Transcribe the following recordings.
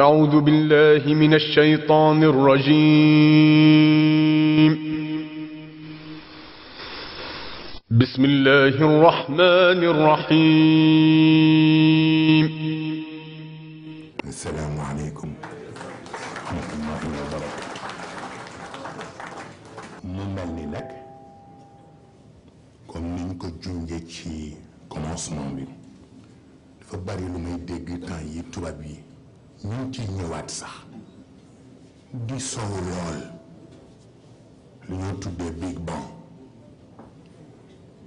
أعوذ بالله من الشيطان الرجيم بسم الله الرحمن الرحيم السلام عليكم ورحمة الله وبركاته mu mel ni nag comme niñ ko junjee ci commencement bi dafa bari lu may dégg temps yi tubaab yi ñu ngi ciy ñëwaat sax di sow lool lu ñoo tuddee big bang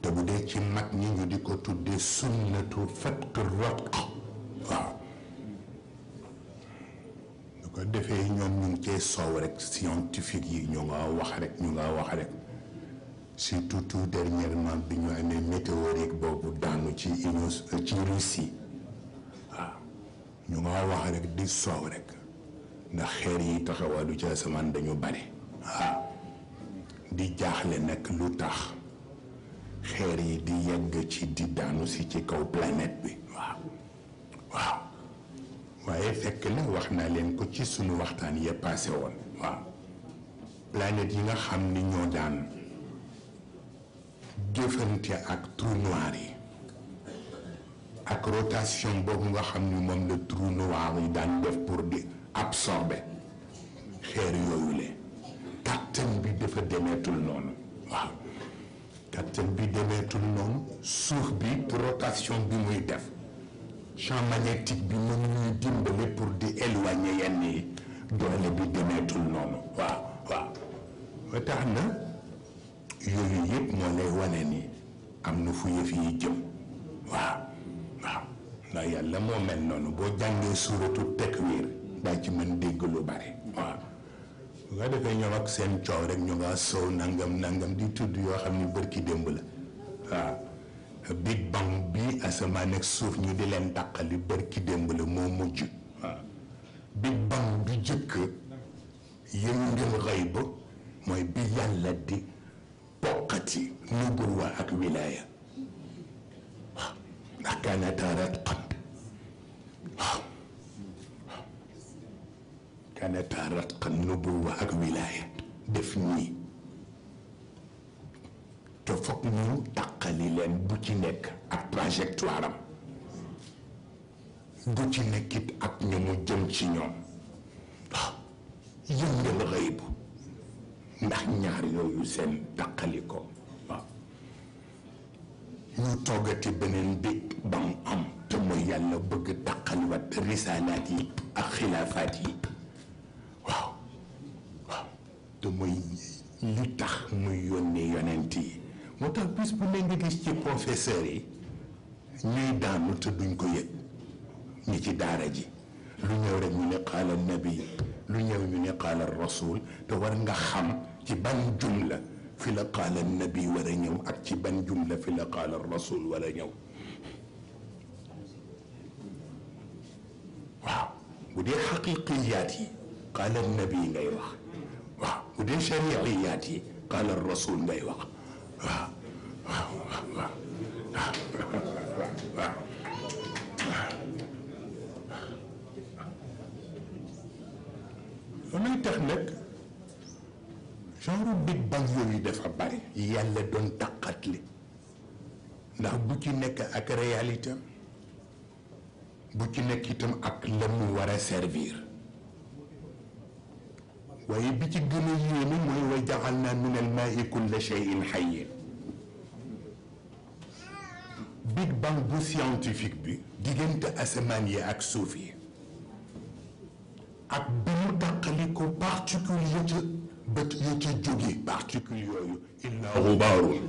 te bu dee ci mag ñi ñu di ko tuddee sunnatu fatq rotq waaw lu ko defee ñoom ñu ngi cee sow rek scientifique yi ñu nga wax rek ñu nga wax rek surtout dernièrement bi ñu amee météorique boobu daanu ci Union ci Russie ñu nga wax rek di soow rek ndax xeer yi taxawaalu ci asamaan dañu bare ah di jaaxle nag lu tax xeer yi di yegg ci di daanu si ci kaw planète bi waaw waaye fekk la wax naa leen ko ci suñu waxtaan ya passé woon waaw planète yi nga xam ni ñoo daan jëfante ak trou yi ak rotation boobu nga xam ni moom la trou noir yi daan def pour di absorber xeer yooyu le bi dafa demeetul noonu waaw kattan bi demeetul noonu suuf bi rotation bi muy def champ magnétique bi mën ñuy dimbale pour di éloigner yenn yi doole bi demeetul noonu waaw waaw ba tax na yooyu yëpp moo lay wane ni am na fu yëf yi jëm waaw waaw yàlla moo mel noonu boo jàngee suratu tekwiir daa ci mën dégg lu bare waaw bu nga defee ñoom ak seen coow rek ñu nga sow nangam nangam di tudd yoo xam ni bërki démb la waaw big bang bi asamaan ak suuf ñu di leen dàqali bërki démb la moo mujj waaw big bang bi jëkk yëngil xëy ba mooy bi yàlla di poqati nubuwa ak wilaaya waaw ndax kaana taarat état ratqa nubuwa ak wilaaya def nii te foog ñu taqali leen bu ci nekk ak trajectoire am ci nekkit ak ñu mu jëm ci ñoom waaw ah, yëngal rëy bu ndax ñaar yooyu seen taqali ko ñu toggati beneen bi ba mu am te mooy yàlla bëgg taqaliwaat risalaat yi ak xilaafaat yi te mooy li tax muy yónnee yonent yi moo tax bis bu ne nga gis ci professeur yi ñuy daanu te duñ ko yëg ñi ci daara ji lu ñëw rek ñu ne qaala nabi lu ñëw ñu ne qaala rasul te war nga xam ci ban jumla fi la qaala nabi war a ñëw ak ci ban jumla fi la qaala rasul war a ñëw waaw bu dee xaqiqiyaat yi qaala nabi ngay wax bu dee chariyaat yi qaala rasul ngay wax waaw waaw waaw waaw waaw luy tax nag genre big bang yooyu dafa bari yàlla doon taqatli ndax bu ci nekk ak réalité bu ci nekk itam ak la mu war a servir waaye bi ci gën a yéeme mooy wa jaxal naa min al maa'i kulla shay'in hayyin big bang bu scientifique bi diggante asamaan yi ak suuf yi ak bi mu tàqali ko particule ya ca bët ya ca jóge particule yooyu illaa gubaarun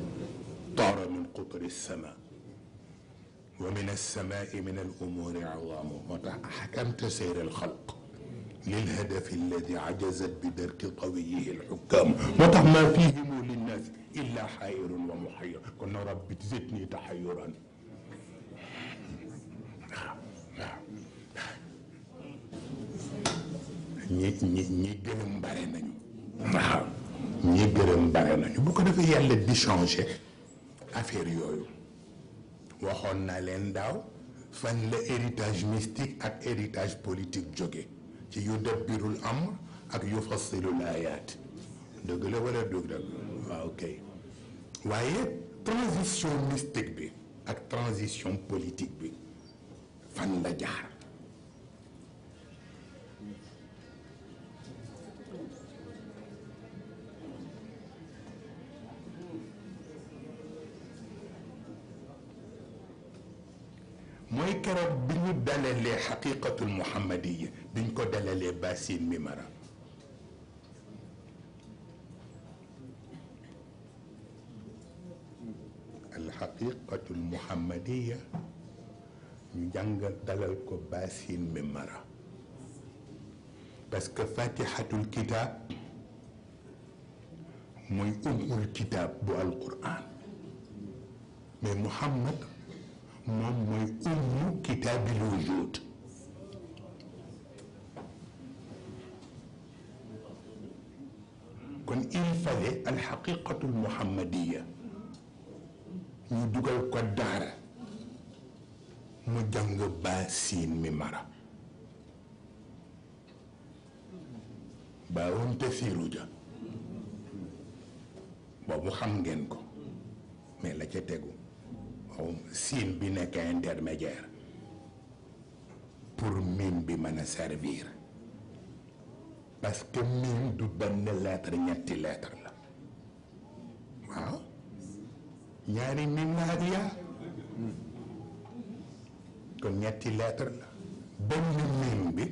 taara min qutri as-samaa wa min as-samaa'i min al umuuri awaamu moo tax xakamta sayr al xalq للهدف الذي عجزت بدرك طويه الحكام وطمع فيهم للناس إلا حائر ومحير كنا رب زدني تحيرا ñi ñi ñi gërëm bare nañu waaw ñi gërëm bare nañu bu ko defee yàlla di changé affaire yooyu waxoon naa leen daaw fan la héritage mystique ak héritage politique jóge ci yu dabbirul amr ak yu fassilul ayaat dëgg la wala dëgg la ah, waaw kay waaye transition mystique bi ak transition politique bi fan la jaar mooy keroog bi ñu dalalee xaqiqatul muhammadiya biñ ko dalalee basin mimara alxaqiqatul muhammadiya ñu jàngal dalal ko basin mimara parce que fatihatul kitab mooy umul kitab bu alquran mais muhammad moom mooy ummu kitaabil wujuud kon il fallait alxaqiqatul muhammadiya ñu dugal ko mu jàng baa siin mi mara baawam te ja boobu xam ngeen ko mais la ca tegu xaw siin bi nekk intermédiaire pour mim bi mën a servir parce que mim du benn lettre ñetti lettre la waaw ñaari mim la ak kon ñetti lettre la benn mim bi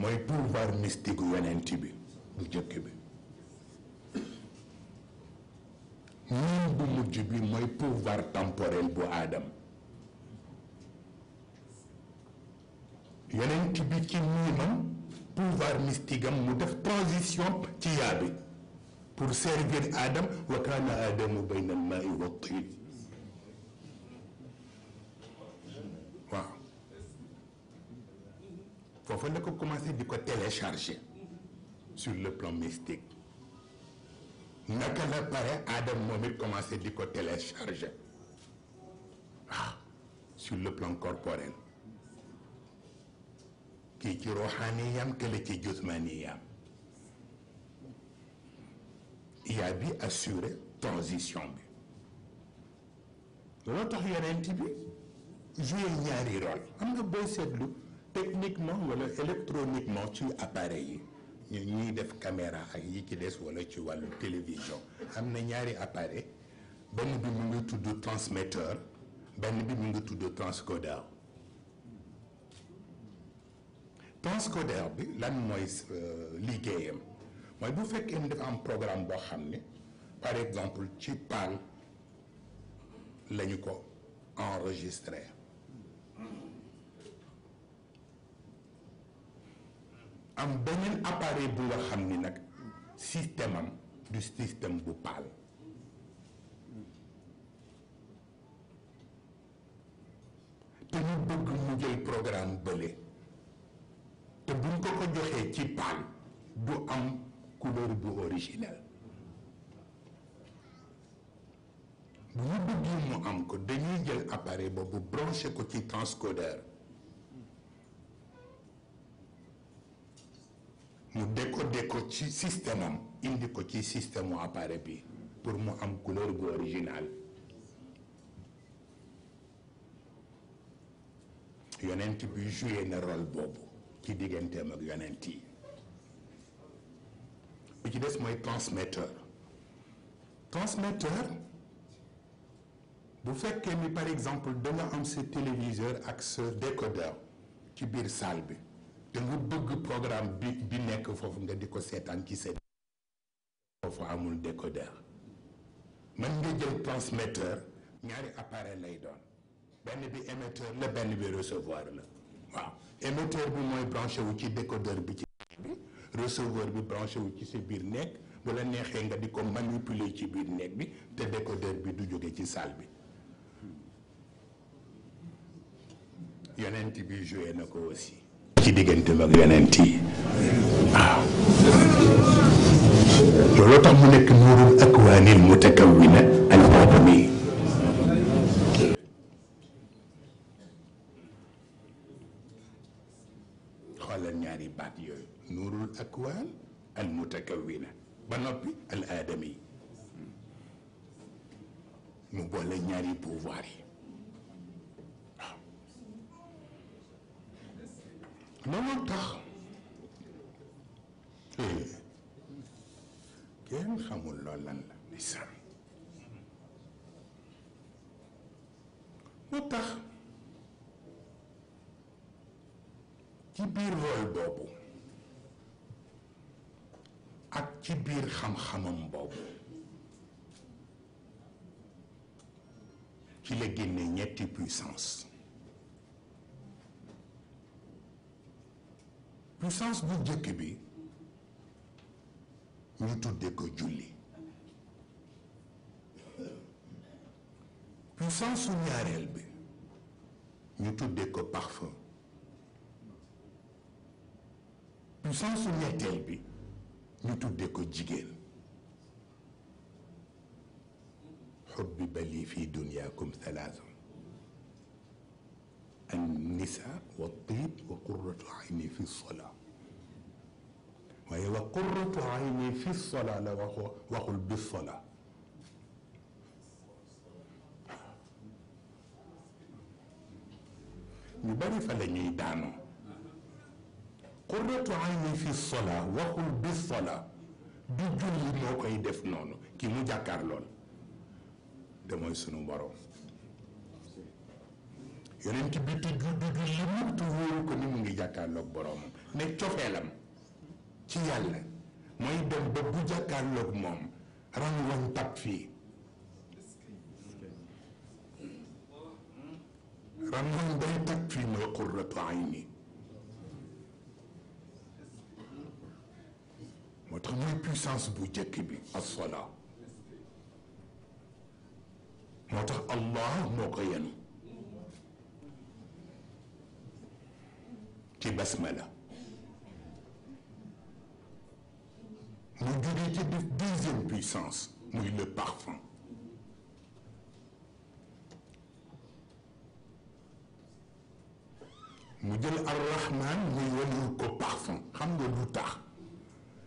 mooy pouvoir mystique yonent bi bu jëkk bi ñun bu mujj bi mooy pouvoir temporel bu aadam yonent bi ci miimam pouvoir mystique mu def transition ci yaa bi pour servir aadam wa kaana aadamu bayna al maai wa tiin waaw foofu la ko commencé di ko télécharger sur le plan mystique naka la pare Adam moom it commencé di ko télécharger waaw ah, sur le plan corporel kii ci ruuxaaniyam kële ci jusmaaniyam yaa bi assuré transition bi loolu tax yonent bi joué ñaari rôle xam nga booy seetlu techniquement wala électroniquement ci appareil yi ñu ñuy def caméra ak yi ci des wala ci wàllu télévision am na ñaari appareil benn bi mu ngi tudd transmetteur benn bi mu ngi tudd transcodeur transcodeur bi lan mooy euh, liggéeyam mooy bu fekkee ni dafa am programme boo xam ne par exemple ci PAL lañu ñu ko enregistré am beneen appareil bu nga xam ni nag système am du système bu paal te ñu bëgg mu jël programme bële te buñ ko ko joxee ci paal du am couleur bu originelle bu ñu bëggee mu am ko dañuy jël appareil boobu branché ko ci transcodeur mu décodé ko ci système am indi ko ci système mu appareil bi pour mu am couleur bu original yonent bi joué na rôle boobu ci digganteem ak yonent yi bi ci des mooy transmetteur transmetteur bu fekkee ni par exemple da am sa téléviseur ak sa décodeur ci biir salle bi te nga bëgg programme bi bi nekk foofu nga di ko seetaan ci seen foofu amul décodeur mën nga jël transmetteur ñaari appareil lay doon benn bi émetteur la benn bi recevoir la waaw émetteur bi mooy branché wu ci décodeur bi ci bi recevoir bi branché wu ci sa biir nekk bu la neexee nga di ko manipuler ci biir nekk bi te décodeur bi du jóge ci saal bi yonent bi joué na ko aussi ci diggante mag yonent yi waaw tax mu nekk nuurul akwaanil mutakawwina al-aadami xoolal ñaari baat yooyu nuurul akwaan al mutakawwina ba noppi al aadami mu boole ñaari pouvoir yi loolu tax eh. eh. kenn xamul lool lan la ndeysaan moo tax ci biir rôle boobu ak ci biir xam-xamam boobu ci la génne ñetti puissance puissance bu njëkk bi ñu tudde ko julli puissance su ñaareel bi ñu tudde ko parfum puissance su ñetteel bi ñu tudde ko jigéen xubbiba lii fi dunyaakum thalaatha an nisaa wa tiib wa qurratu ayni fi salaa waaye wa qurratu ayni fi la waxul bi solaa ñu bari fa la ñuy daanoo qurratu ayni fi solaa waxul bi solaa du julli moo koy def noonu ki mu jàkkaar lool te sunu borom yonent bi du julli mukk wóoru ngi jàkkaarloog boroomam ne cofeelam ci yàlla mooy dem ba bu jàkkaarloog moom rangoñ tab fii rangoñ day tab fii mooy qurratu ayni moo tax mooy puissance bu jëkk bi assola moo tax allah moo ko yenu ci basmala mu jógee ci def deuxième puissance muy le parfum mu jël arrahman muy wàllu ko parfum xam nga lu tax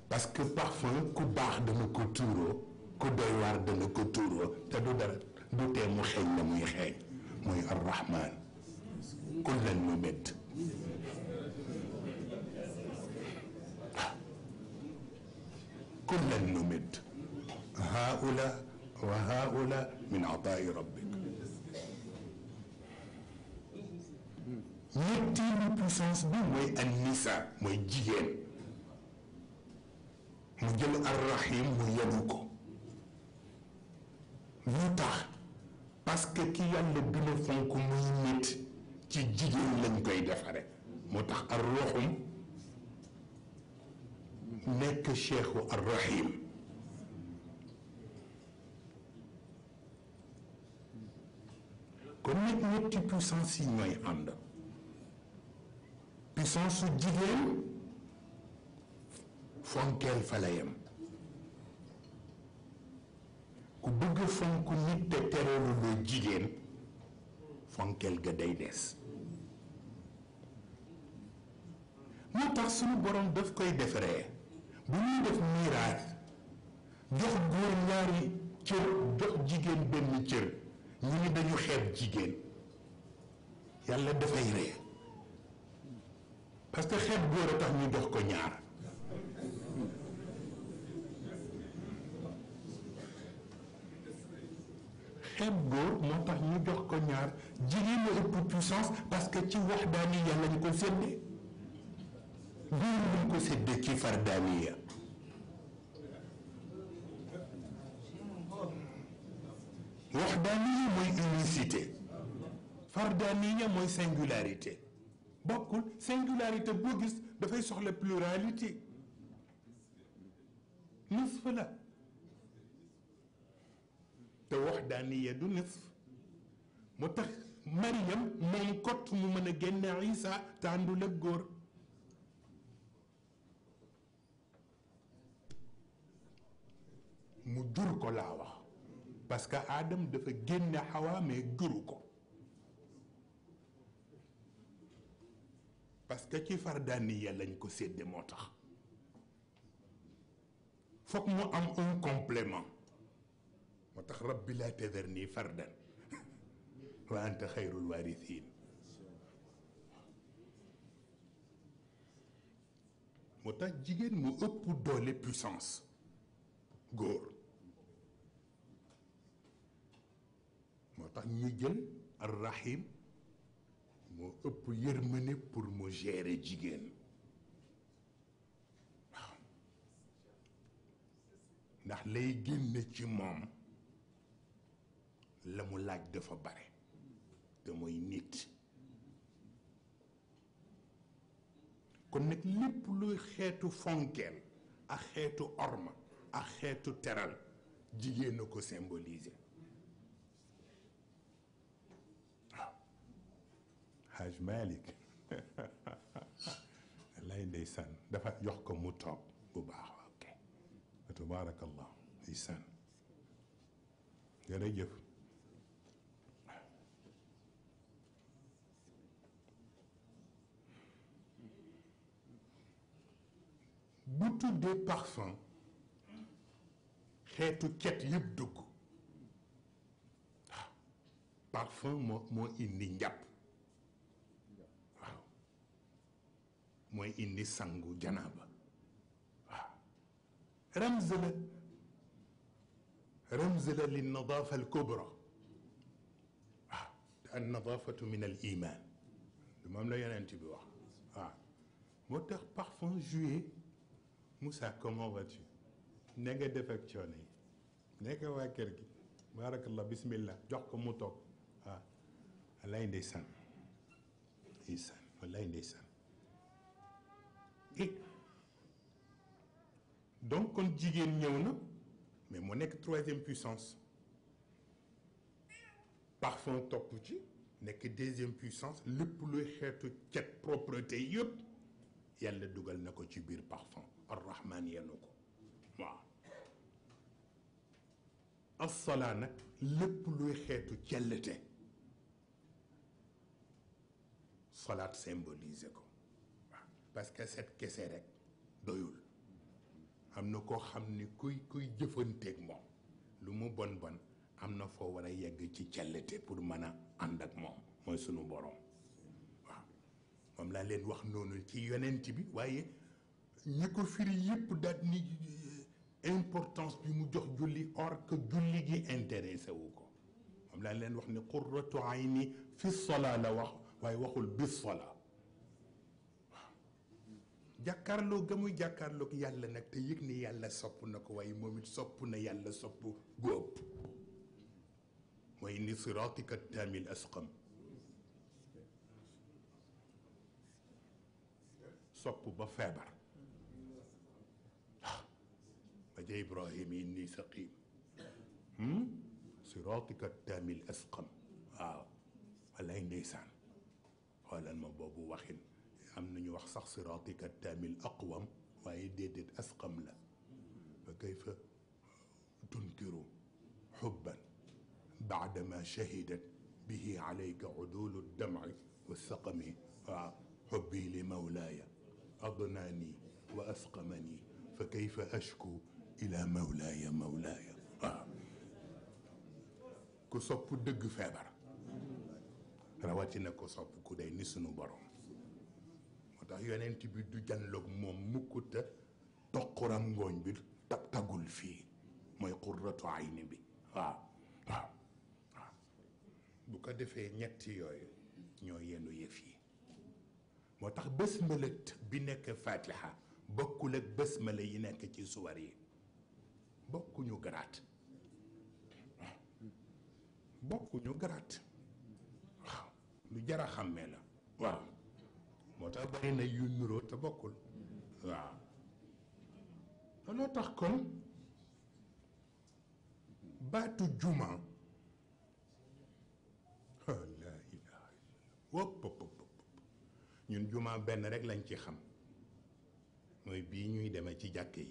parce que parfum ku baax dana ko tuuroo ku doy dana ko tuuroo te du dara du tee xeeñ la muy xeeñ muy arrahman kullan nu métt كلا نمد هؤلاء وهؤلاء من عطاء ربك ñetteelu puissance bi mooy annisa mooy jigéen mu jël arrahim mu yenu ko lu tax parce que ki yàlla bi la fonk muy nit ci jigéen lañ koy defare moo tax arruhum nekk cheikhu arrahim kon nag ñetti puissance yi ñooy ànd puissance su jigéen fonkeel falayam ku bëgg fonk nit te tereelu loo jigéen fonkeel ga day des moo tax suñu borom daf koy defaree bu ñuy def miraas jox góor ñaari cër jox jigéen benn cër ñu ni dañu xeeb jigéen yàlla dafay rey parce que xeeb góor a tax ñu jox ko ñaar xeeb góor moo tax ñu jox ko ñaar jigéen la ëpp puissance parce que ci waxdaani yàlla ñu ko séddee loolu buñ ko séddee ci fardaaniya waxdaaniya mooy unicité fardaaniya mooy singularité bokkul singularité boo gis dafay soxla pluralité nisf la te waxdaaniya du nisf moo tax Mariam moom kot mu mën a génne Isa te àndul góor mu jur ko laa wax parce que aadam dafa génne xawaa mais juru ko parce que ci fardaaniya lañ ko sédde moo tax foog mu am un complément moo tax rabbi laa tazarnii fardan wa anta xayrul waarithiin moo tax jigéen mu ëpp doole puissance góor moo tax ñu jël arrahim moo ëpp yërmande pour mu gérer jigéen ndax lay génne ci moom la mu laaj dafa bare te mooy nit kon nag lépp luy xeetu fonkeel ak xeetu orma ak xeetu teral jigéen ko symboliser Haj Malick lay ndeysaan dafa jox ko mu toog bu baax ok tabaarakallah ndeysaan jërëjëf bu tuddee xeetu cet yëpp dugg waaw ah, parfum moo moo indi njàpp mooy indi sangu janaaba waaw ramz la ramz la li nadaafa al kubra waaw te min al iman lu moom la yonent bi moo tax parfum juillet Moussa comment vas-tu ne nga def waa kër barakallah bismillah jox ko mu toog waaw wallaay ndeysaan ndeysaan wallaay ndeysaan et donc kon jigéen ñëw na mais mu nekk troisième puissance parfum topp ci nekk deuxième puissance lépp luy xeetu cet propreté yëpp yàlla dugal na ko ci biir parfum arrahman yenu ko waaw assolaa nag lépp luy xeetu cellete salaat symbolise ko parce que set kese rek doyul am na koo xam ni kuy kuy jëfanteeg moom lu mu bon bon am na foo war a yegg ci cellete pour mën a ànd ak moom mooy sunu borom waaw moom laa leen wax noonu ci yonent bi waaye ñi ko firi yépp daal ni eh, importance bi mu jox julli or que julli gi intéressé wu ko moom laa leen wax ni qurratu ni fi sola la wax waaye waxul bis sola jàkkaarloo ga muy jàkkaarloog yàlla nag te yëg ni yàlla sopp na ko waaye moom it sopp na yàlla sopp gu ëpp mooy ni siraatika taamil asqam sopp ba feebar ah, ba ja ibrahim inni saqim hmm? siraatika taamil asqam waaw walaay ndeysaan xoolal ma boobu waxin am nañu wax sax siraatika tamil aqwam waaye déedéet asqam la fa kayfa tunkiru xubban baadama shahidat bihi alayka udulu damci wa saqami waaw xubbi li mawlaaya adnaani wa asqamani fa kayfa ashku ila mawlaaya mawlaaya waaw ku sopp dëgg feebar rawatina ko sopp ku day ni sunu borom moo tax yonent bi du janloog moom mukk te toquram ngooñ bi tab tagul fii mooy qurratu ayni bi waaw waaw waaw bu ko defee ñetti yooyu ñoo yenu yëf yi moo tax bés malët bi nekk fatiha bokkul ak bés mala yi nekk ci suwar yi bokkuñu garaat bokkuñu garaat waaw lu jara xàmmee la waaw moo tax bari na yu nuroo te bokkul waaw looloo tax kon baatu juma laa ilaha illallah ñun juma benn rek lañ ci xam mooy bii ñuy demee ci jàkk yi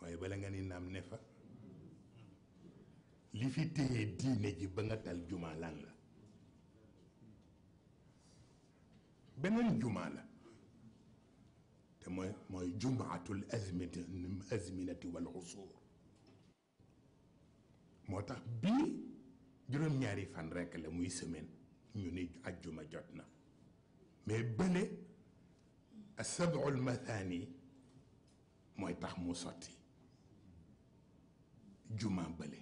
waaye bala nga ni naam ne fa li fi téye diine ji ba nga tal juma lan la beneen jumaa la te mooy mooy jumaatul azminati azminati wal usuur moo tax bii juróom-ñaari fan rekk la muy semaine ñu ni ajjuma jot na mais bële asabul mathani mooy tax mu sotti juma bële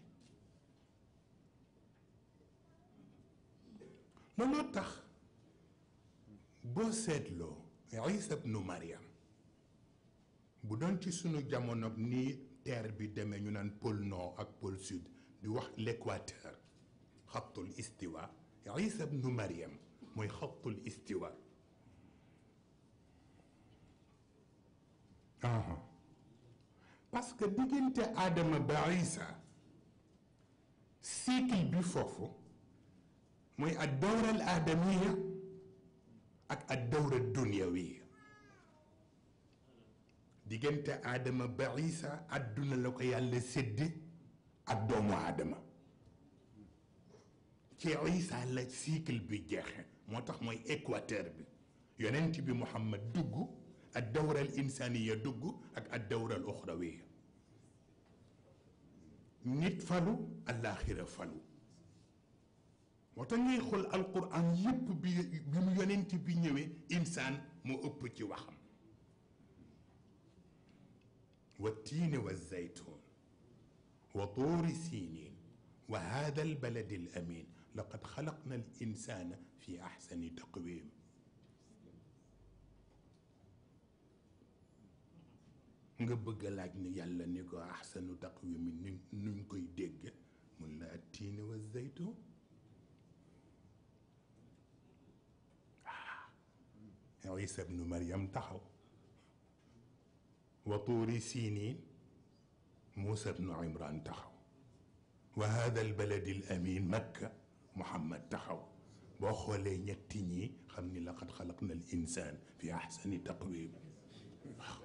looloo tax boo seetloo Isa ibnu Maryam bu doon ci sunu jamono ni terre bi demee ñu naan pôle nord ak pôle sud di wax l'équateur xattul istiwa Isa ibnu Maryam mooy xattul istiwa parce que diggante Adama ba Isa cycle bi foofu mooy at dawra al adamiya ak ad dawra dunyawiya diggante adama ba isa àdduna la ko yàlla séddi ak doomu adama ci isa la cycle bi jeexe moo tax mooy équateur bi yonent bi muhammad dugg ad dawra al insaniya dugg ak ad dawra al uxrawiya nit falu àllaaxira falu moo tax ngay xool alquran yépp bi bi mu yonent bi ñëwee insaan moo ëpp ci waxam wa tiine wa zaytun wa tuuri siiniin wa haada albaladi al amin laqad xalaqna al fi axsani taqwim nga bëgg laaj ni yàlla ni ko axsanu taqwim ni koy dégg mun la at tiine wa zaytun isa bnu mariam taxaw wa tuuri siiniin muusa bnu imran taxaw wa hada al baladi al amin makka muhammad taxaw boo xoolee ñetti ñi xam ni laqad xalaqna al insaan fi ahsani taqwim waaw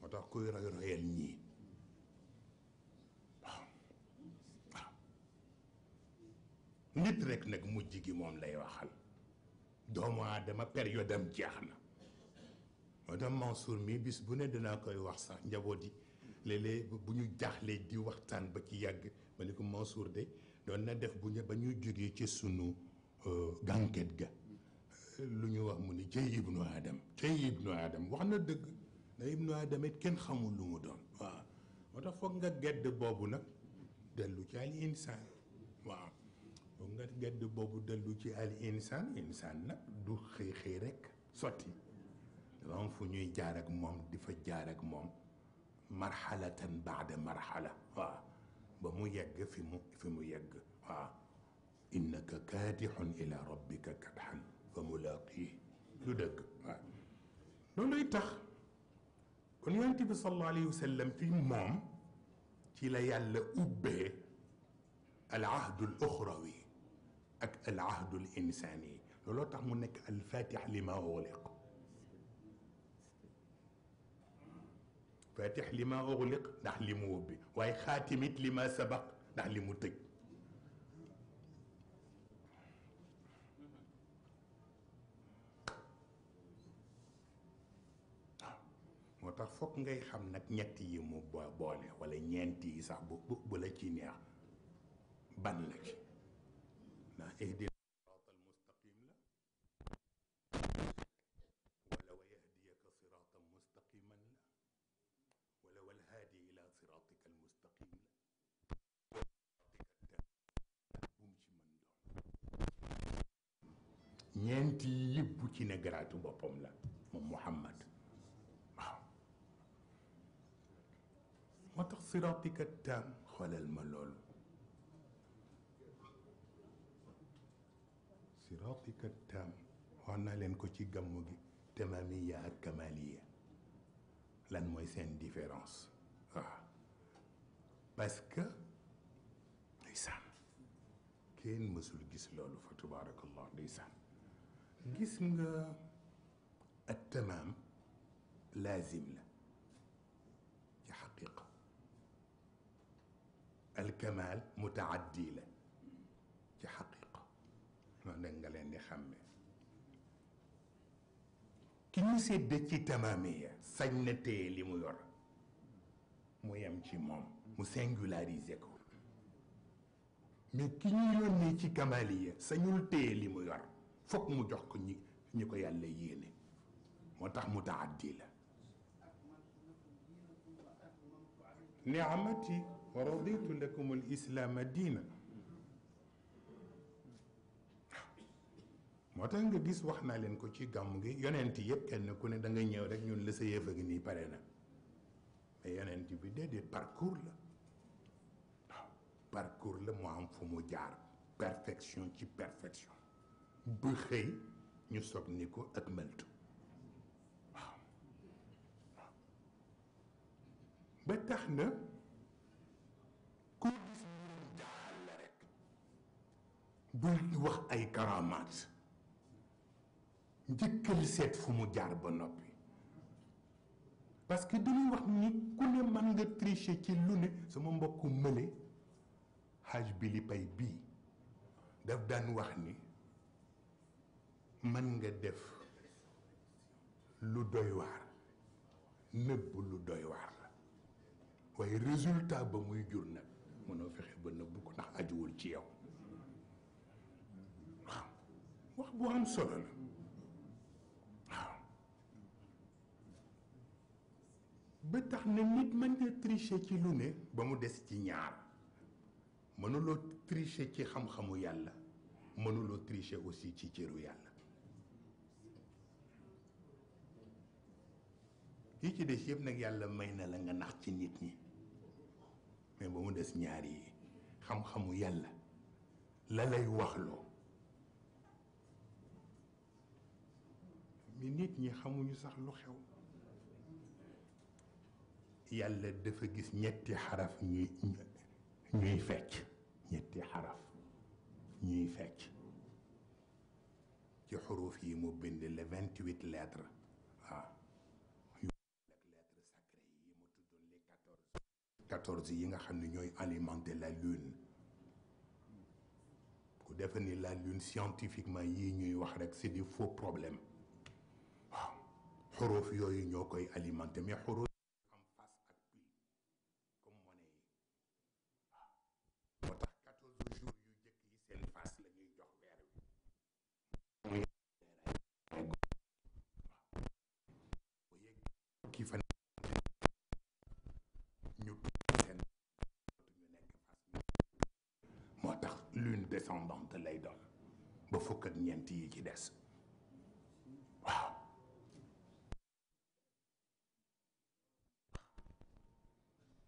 moo tax kuy roy royal ñii nit rek nag mujj gi moom lay waxal doomu aadama période am jeex na moo tax Mansour mi bis bu ne dinaa koy wax sax njaboot yi léeg-léeg bu ñu jaaxlee di waxtaan ba ci yàgg ma ne ko Mansour de doon na def bu ñu ba ñuy jógee ci sunu euh, gànket ga euh, lu ñu wax mu ni cëy ibnu adam cëy ibnu adam wax na dëgg ndax ibnu adam it kenn xamul lu mu doon waaw moo tax foog nga gedd boobu nag dellu ci insaan nga ngedd boobu dellu ci al insaan insaan nag du xëy xëy rek sotti dafa am fu ñuy jaar ak moom di fa jaar ak moom marxalatan baada marxala waaw ba mu yegg fi mu fi mu yegg waaw innaka kaadixun ila rabbika kadxan fa mulaaqiih lu dëgg waaw looluy tax kon yonent bi sallallahu alayhi wa sallam fi moom ci la yàlla ubbee al ahdu al uxrawi ak al ahdul insaani tax mu nekk al fatix li ma uxliq fatix li ndax li mu wubbi waaye xaatimit li ma sabaq ndax li mu tëj moo tax foog ngay xam nag ñett yi mu boole wala ñeent yi sax bu bu la ci neex ban la ndax ihdina siraat al mustaqim la wala wa yahdiyaka siraatan mustaqiman la wala wal haadi ila siraatika al mustaqim la bu mu ci mën doon ñeenti yëpp bu ci ne garaatu boppam la moom Muhammad waaw moo tax siraatika taam xoolal ma loolu siratika tam waxoon naa leen ko ci gàmmu gi tamamiya ak kamaliya lan mooy seen différence waaw ah. parce que ndeysaan kenn mësul gis loolu fa tabaarakallah ndeysaan gis nga at tamaam laazim la ci xaqiqa al kamaal mutaaddi la noonu nag nga leen di xàmme ki ñu sedd ci tamaamiya sañ na téye li mu yor mu yem ci moom mu singulariser ko mais ki ñu yónnee ci kamaliya sañul téye li mu yor foog mu jox ko ñi ñi ko yàlla yéene moo tax mu taaddi la niamati wa raditu lakum al diina moo tax nga gis wax naa leen ko ci gàmm gi yonent yëpp kenn ku ne da nga ñëw rek ñun la sa yëf a pare na mais yonent bi déedéet parcours la waaw parcours la mu am fu mu jaar perfection ci perfection bu xëy ñu soog ni ko ak meltu waaw ba tax na ku gis la rek bul wax ay karamaat njëkkal seet fu mu jaar ba noppi parce que dañuy wax ni ku ne man nga tricher ci lu ne sama mbokku mële xaaj bi li pay bii daf daan wax ni man nga def lu doy waar nëbb lu doy waar la waaye résultat ba muy jur nag mënoo fexe ba nëbb ko ndax ajuwul ci yow waaw wax bu am solo la ba tax na nit mën nga ci lu ne ba mu des ci ñaar mënuloo tricher ci xam-xamu yàlla mënuloo tricher aussi ci cëru yàlla yi ci des yëpp nag yàlla may na la nga nax ci nit ñi mais ba mu des ñaar yi xam-xamu yàlla la lay waxloo mais nit ñi xamuñu sax lu xew yàlla dafa gis ñetti xaraf ñuy ñuy fecc ñetti xaraf ñuy fecc ci xuruuf yi mu bind le vingt-huit lettres waaw yu ak lettres sacrées yi mu tuddoon les quatorze yi nga xam ne ñooy alimenter la lune ku defe ni la lune scientifiquement yii ñuy wax rek c'est du faux problème waaw xuruuf yooyu ñoo koy alimenter mais xuruuf ñeent yi des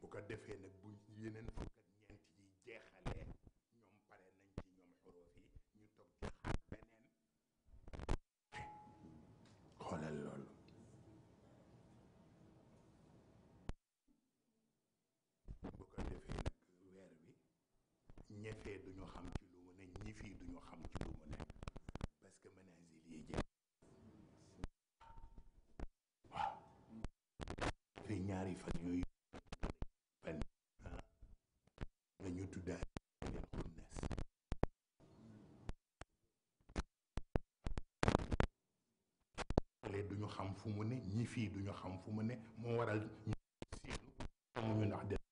bu ko defee nag bu yeneen fukk ak ñeent yi jeexalee ñoom pare nañ ci ñoom xuruf yi ñu toog di xaar beneen xoolal loolu bu ko defee nag weer wi ñefee duñu xam ci lu mu ne ñi fii duñu xam ci ñaari fan yooyu fan nga ñu ñi fii duñu xam fu mu ne moo waral ñu siilu xamuñu ndax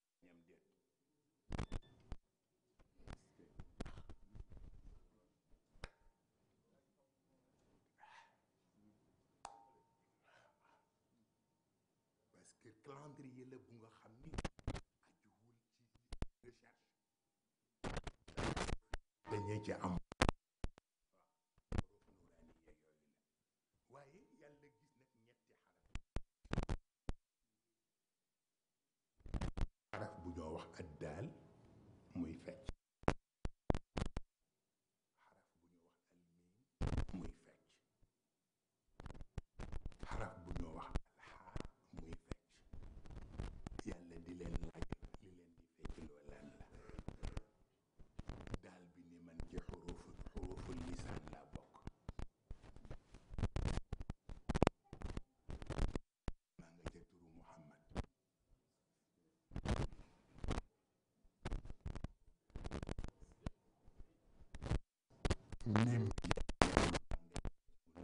nim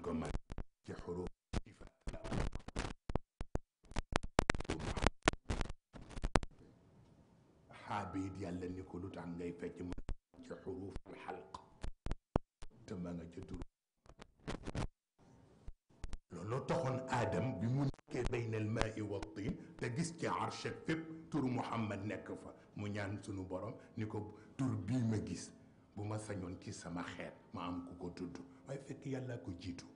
ko man ci xuruf xaabi it yàlla ni ko lu tax ngay fecc ma ci xuruf xalq te nga ca tur looloo taxoon aadam bi mu nekkee bayn al wa tin te gis ci arche fépp tur muhammad nekk fa mu ñaan sunu borom ni ko tur bii ma gis bu ma sañoon ci sama xeet am ku ko tudd waaye fekk yàlla ko jiitu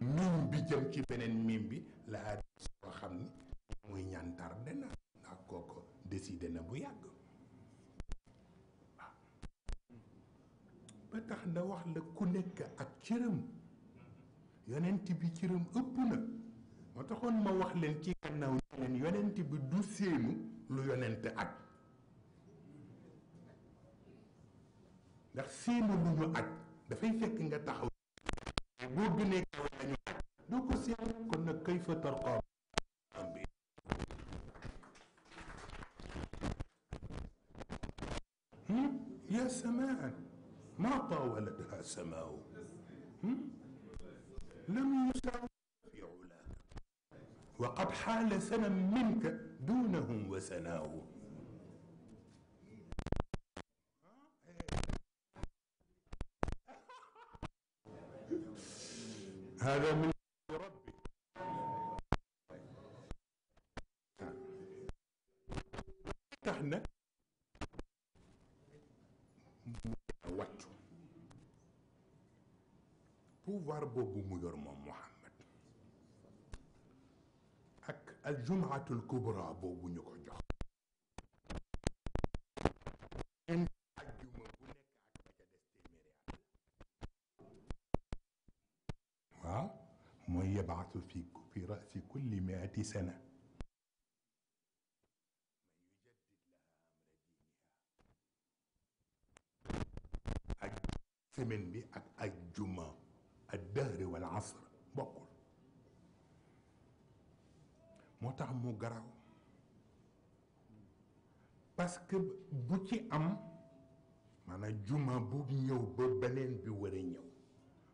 miim bi jëm ci beneen miim bi laa soo xam ni muy ñaan tardé ndax kooku décidé na bu yàgg ba tax na wax la ku nekk ak cëram yonent bi cëram ëpp na moo taxoon ma wax leen ci gannaaw leen yonent bi du séenu lu yonent ak ndax séenu lu ñu aj dafay fekk nga taxaw boo gënee kaw lañu aj doo ko séen kon nag kay fa torkoom bi hmm? yaa samaa maa taawalatha samaaw hmm? lam yusaaw fi ulaa wa qad xaala sanam minka duunahum wa sanaawu هذا من ربي tax nag wattu pouvoir boobu mu yor moom Muhammad ak aljumaatul kubra boobu ñu ko jox 30 سنة ak semaine bi ak juma ak dahr wal asr bokkul moo tax mu garaw parce que bu ci am maanaam juma bu ñëw ba beneen bi war a ñëw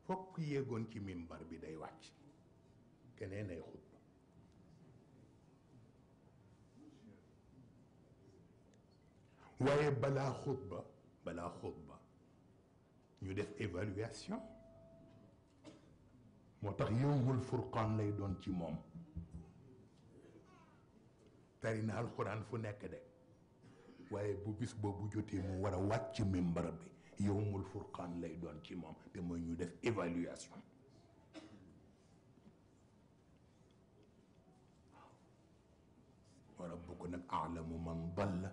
fokk yéegoon ci mimbar bi day wàcc keneen ay xut waaye balaa xutba balaa xutba ñu def évaluation moo tax yowmul furqaan lay doon ci moom tari na alxuraan fu nekk de waaye bu bis boobu jotee mu war a wàcc mimbar bi yowmul furqaan lay doon ci moom te mooy ñu def évaluation wa rabbuka nag aalamu man dalla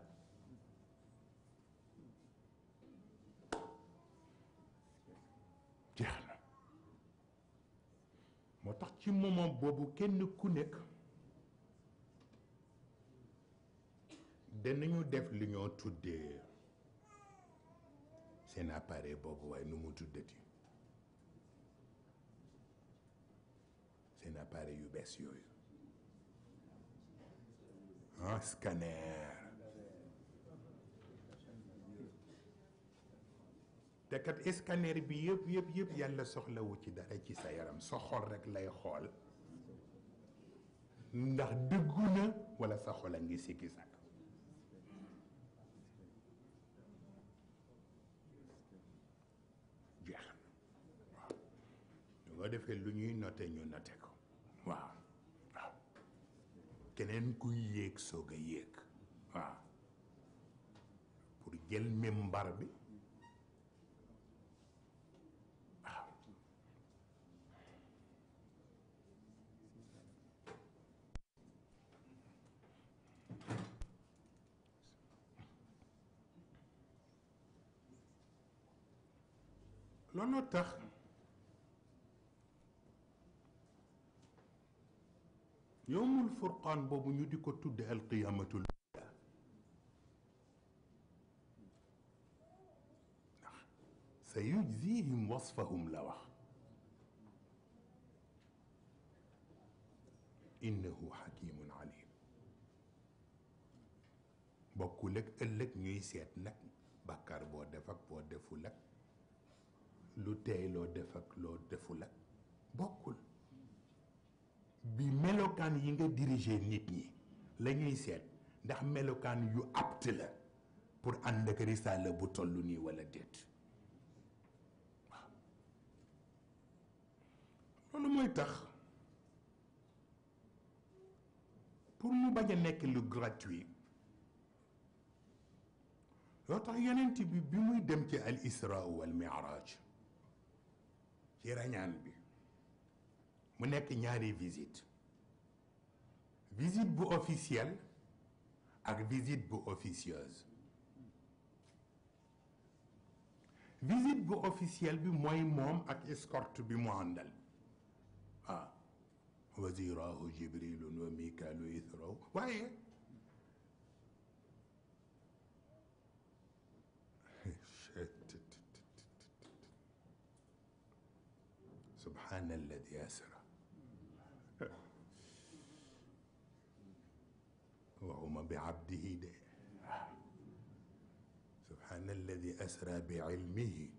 ci moment boobu kenn ku nekk danañu def li ñoo tuddee seen appareil boobu waaye nu mu tuddati seen appareil yu bees yooyu ah scanner te kat scanner bi yëpp yëpp yëpp yàlla soxlawu ci dara ci sa yaram sa xol rekk lay xool ndax dëggu na wala sa xol a ngi sikki sàkk jeex na waaw lu defee lu ñuy note ñu note ko waaw waaw keneen ku yéeg soog a yéeg waaw pour jël mimbar bi looloo tax yowmul furqaan boobu ñu di ko tudde alqiyaamatul ndax sa yujzihim wasfahum la wax innahu xakimun alim bokkul ak ëllëg ñuy seet nag bakkar boo def ak boo deful ak lu tey loo def ak loo deful ak bokkul bi melokaan yi nga diriger nit ñi la seet ndax melokaan yu apte la pour ànd ak risaala bu tollu nii wala déet waaw loolu mooy tax pour mu bañ a nekk lu gratuit loo tax yonent bi bi muy dem ci al isra wal mi'raj ci bi mu nekk ñaari visite visite bu officielle ak visite bu officieuse visite bu officielle bi mooy moom ak escorte bi mu àndal ah wazirahu jibrilun wa mikalu ithraw waaye سبحان الذي أسرى وهم بعبده ده سبحان الذي أسرى بعلمه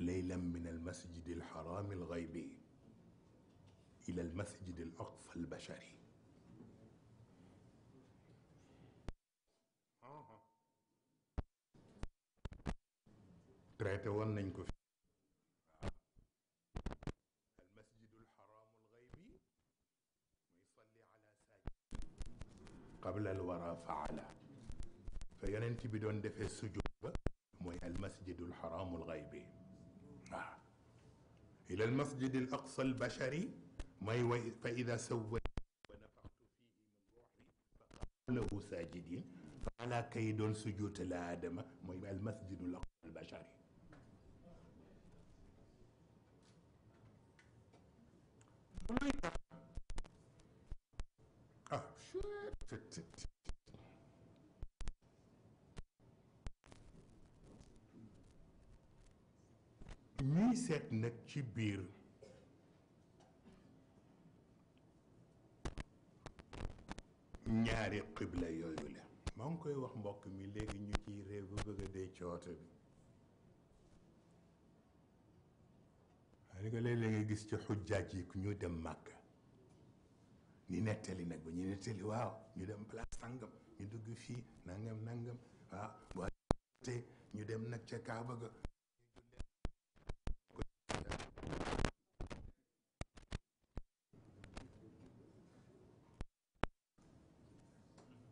ليلا من المسجد الحرام الغيبي إلى المسجد الأقصى البشري traité woon nañ ko fi qabla al wara faala fa yonent bi doon defee sujud ba mooy al masjidul xaraamul xaybi waaw ila al masjid al aqsa al bashari mooy wa fa ida sawaytu wa nafaxtu fihi min ruuxi fa qamu lahu saajidin fa malaaka yi doon sujud la aadama mooy al masjidul aqsa al bashari luy tax ñuy seet nag ci biir ñaari xibla yooyu la maa ngi koy wax mbokk mi léegi ñu ciy réew ba bëgg dee ci oto bi waaye nga léeg-léeg nga gis ci xujjaaj yi ku ñu dem màkk di nettali nag ba ñu nettali waaw ñu dem place sàngam ñu dugg fii nangam nangam waaw boo te ñu dem nag ca Kaaba ga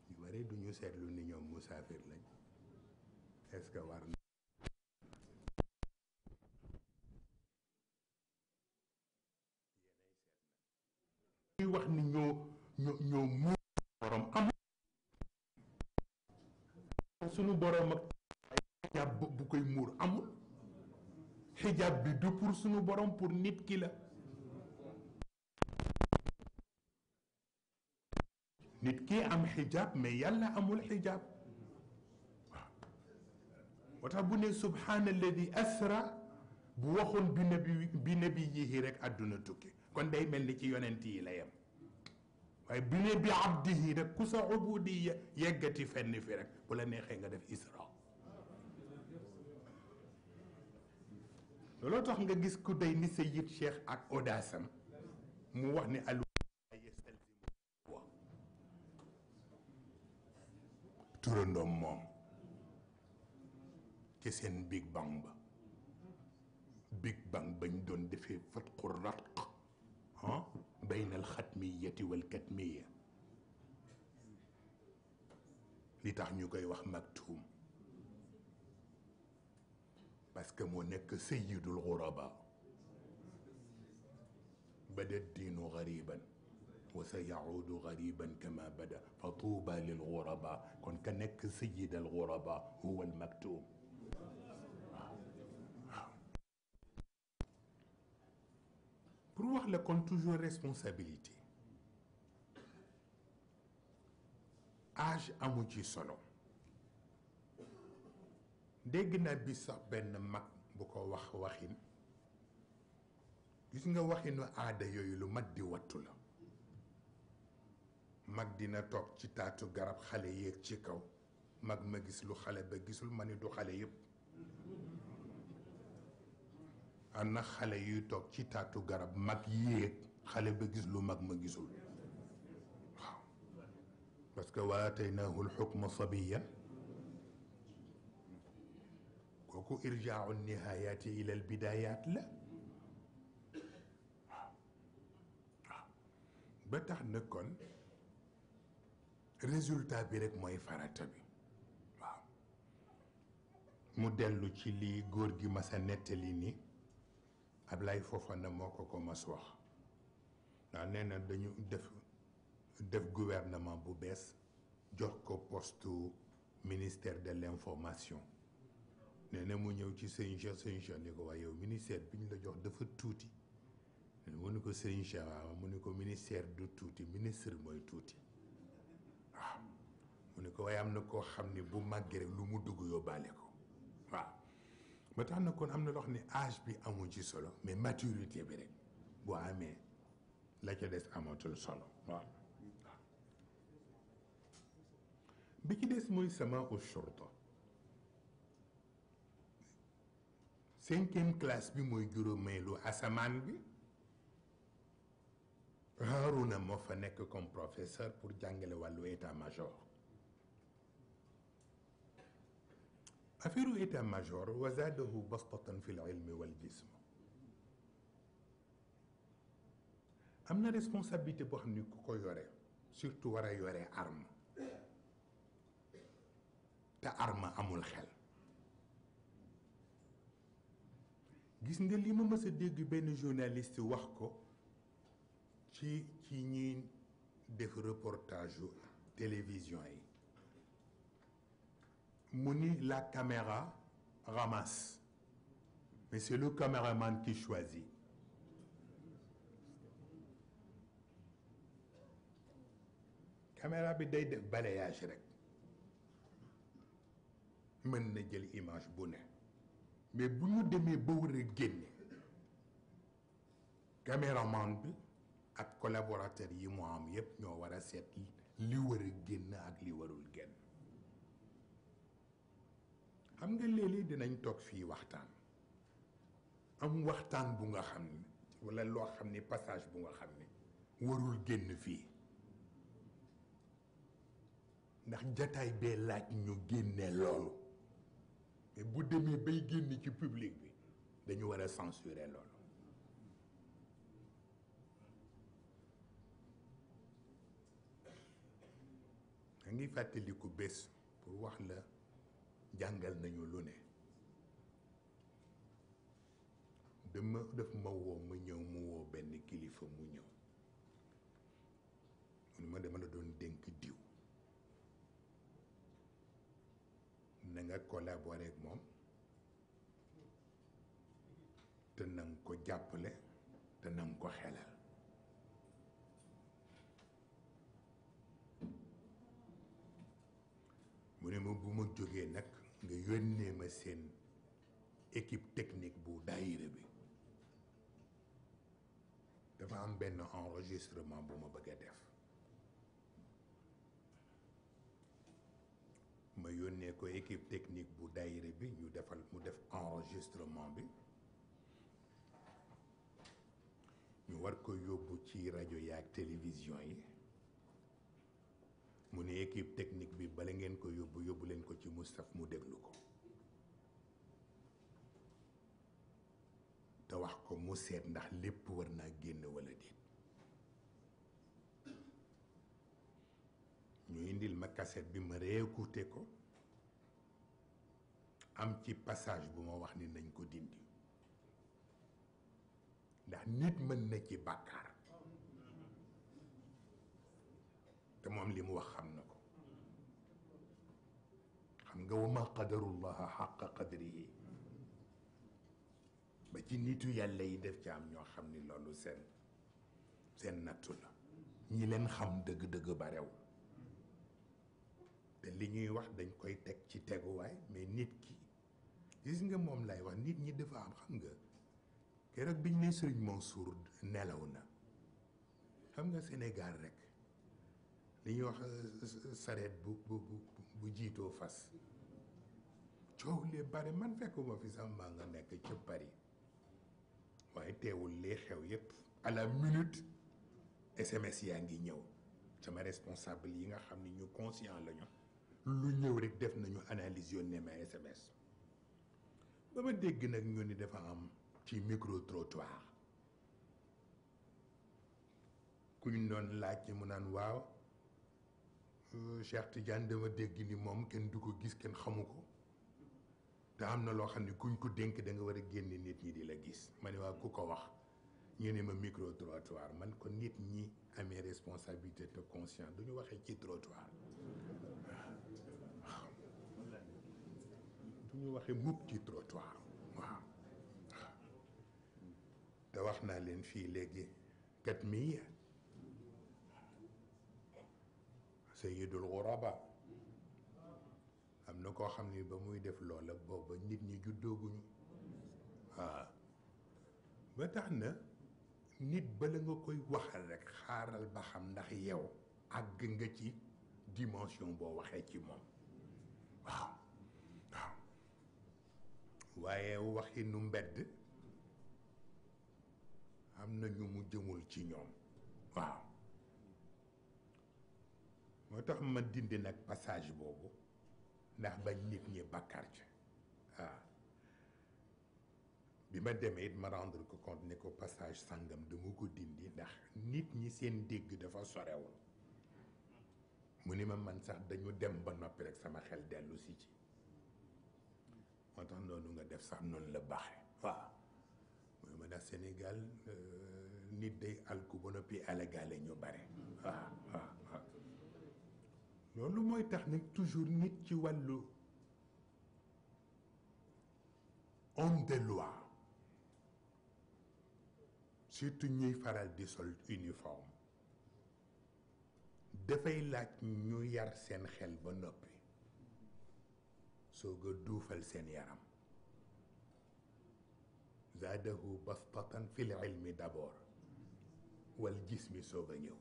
ñu bare du ñu seetlu ni ñoom musaafir lañ est war wax ni ñoo ñoo ñoo muur amul suñu borom ak xijaab bu koy muur amul xijaab bi du pour suñu borom pour nit ki la nit ki am xijaab mais yàlla amul xijaab waaw bu ne subhaana alladi asra bu waxoon bi nabi bi nabi yihi rek àdduna tukki kon day mel ni ci yonent yi la yem waaye bi ne bi abdihi rek ku sa ubudiya yeggati fenn fi rek bu la neexee nga def isra looloo tax nga gis ku dey ni sa yit cheikh ak audaasam mu wax ne alu yestalzimu wa turandoom moom ci seen big bang ba big bang bañ doon defee fatqu ratq ah? bayna alxatmiyati walkatmiya li tax ñu koy wax maktuum parce que moo nekk sayidul xuraba bada diinu gariban wa sa yacuudu gariban kama bada fa tuuba lil xuraba kon ka nekk sayid al xuraba huwa al maktuum pour wax la kon toujours responsabilité âge amu ci solo dégg naa bi sax benn mag bu ko wax waxin gis nga waxinu aada yooyu lu mat di wattu la mag dina toog ci taatu garab xale yéeg ci kaw mag ma gis lu xale ba gisul ma ni du xale yépp ana xale yuy toog ci taatu garab mag yéeg xale ba gis lu mag ma gisul parce que waa ataynaahu alxukma sabiyan kooku irjaau nihayaati ila albidayaat la waaw waaw ba tax na résultat bi rek mooy farata bi mu dellu ci li góor gi ma sa nettali ni Ablaye Fofana moo ko ko mas wax ndax nee na dañu def def gouvernement bu bees jox ko postu ministère de l'information nee na mu ñëw ci sëñ Cheikh sëñ Cheikh ni ko waaye yow ministère bi ñu la jox dafa tuuti mu ni ko sëñ Cheikh waaw mu ni ko ministère du tuuti ministre mooy tuuti waaw mu ni ko waaye am na koo xam ni bu màggee rek lu mu dugg yóbbaale ko waaw ba tax na kon am na loo ni ne bi amu ci solo mais matirité bi rek boo amee la ca des amatul solo bi ci des mooy sama u shurta cinquième classe bi mooy juróomeelu asamaan bi na moo fa nekk comme professeur pour jàngale wàllu état major affaire état major wa zaadahu bastatan fi l ilmi wal jism am na responsabilité boo xam ni ku ko yore surtout war yore arme te arme amul xel gis ga li ma mës a benn journaliste wax ko ci ci ñiy def reportage télévision yi mu ni la caméra ramasse mais c'est le caméraman qui choisit caméra bi day def balayage rek mën na jël image bu ne mais bu ñu demee ba war a génne caméraman bi ak collaborateur yi mu am yépp ñoo war a seet li war a génn ak li warul am nga léeg dinañ toog fii waxtaan am waxtaan bu nga xam ne walla loo xam ne passage bu nga xam ne warul génn fii ndax jataay bee laaj ñu génne loolu mais bu demee bay génn ci public bi dañu war a censurer loolu da ngi fàttaliku bés pour wax la jàngal nañu lu ne dama daf ma woo ma ñëw mu woo benn kilifa mu ñëw mu ma dama la doon dénk diw na nga ak moom te na ko jàppale te na ko xelal mu ne ma bu ma jógee nag nga yónnee ma seen équipe technique bu daayira bi dafa am benn enregistrement bu ma bëgg def ma yónnee ko équipe technique bu daayira bi ñu defal mu def enregistrement bi ñu war ko yóbbu ci rajo ak télévision yi mu ne équipe technique bi bala ngeen ko yóbbu yóbbu leen ko ci Moustapha mu déglu ko te wax ko mu seet ndax lépp wër naa génn walla déet ñu indil ma kaset bi ma réécouté ko am ci passage bu ma wax ni nañ ko dindi ndax nit mën na ci bàkkaar te moom li mu wax xam na ko xam nga wa ma qadarullaha xaqa qadrihi ba ci nitu yàlla yi def ci am ñoo xam ni loolu seen seen nattu la ñi leen xam dëgg-dëgg barewul te li ñuy wax dañ koy teg ci teguwaay mais nit ki gis nga moom lay wax nit ñi dafa am xam nga keroog biñ ne Sëriñ Mansour nelaw na xam nga Sénégal rek li ñuy wax euh, euh, sareet bu bu bu jiitoo fas coow lee bari man fekkuma fi sax maa nga nekk ca Paris waaye teewul lee xew yépp à la minute SMS yaa ngi ñëw sama responsable yi nga xam ni ñu conscient lañu lu ñëw rek def nañu analyse yónnee ma SMS ba ma dégg nag ñu ni dafa am ci micro trottoir ku ñu doon laaj mu naan waaw Euh, Cheikh Tidiane dama dégg ni moom kenn du ko gis kenn xamu ko te am na loo xam ne kuñ ko dénk danga war a génne nit ñi di la gis ma ne waa ku ko wax ñu ma micro trottoir man ko nit ñi amee responsabilité te conscient du ñu waxee ci trottoir waaw du ñu waxee mukk ci trottoir waaw te wax naa leen fii léegi kat mi sayyidul xuraba am na koo xam ni ba muy def loola booba nit ñi juddooguñu waaw ba tax na nit bala nga koy waxal rek xaaral ba xam ndax yow agg nga ci dimension boo waxee ci moom waaw waaw waaye waxi nu mbedd am na ñu mu jëmul ci ñoom waaw moo tax ma dindi nag passage boobu ndax bañ nit ñi bàkkaar ci waaw bi ma demee it ma rendre ko compte ne ko passage sangam duma ko dindi ndax nit ñi seen dégg dafa sorewul mu ni ma man sax dañu dem ba noppi rek sama xel dellu ci moo tax noonu nga def sax noonu la baaxe waaw mooy ma ndax Sénégal euh, nit day alku ba noppi alagaale ñu bare waaw waaw loolu mooy tax nag toujours nit ci wàllu homme de loi surtout ñuy faral di sol uniforme dafay laaj ñu yar seen xel ba noppi sog a duufal seen yaram zaadahu bastatan fil ilmi d'abord wal jismi soog a ñëw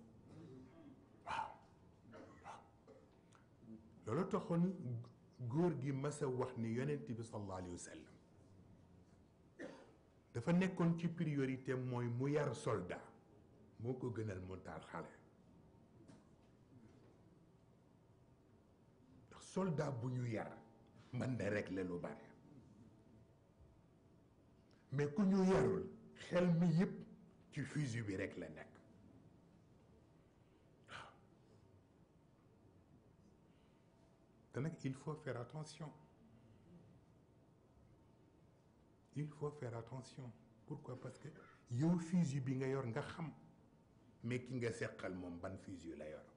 loolu taxoon góor gi mas wax ni yonent bi sallallahu alayhi wa dafa nekkoon ci priorité mooy mu yar soldat moo ko gënal mu taal xale ndax bu ñu yar mën na régler lu bare mais ku ñu yarul xel mi yëpp ci fusil bi rek la nekk te nag il faut faire attention il faut faire attention pourquoi parce que yow fusil bi nga yor nga xam mais ki nga seqal moom ban fusil la yor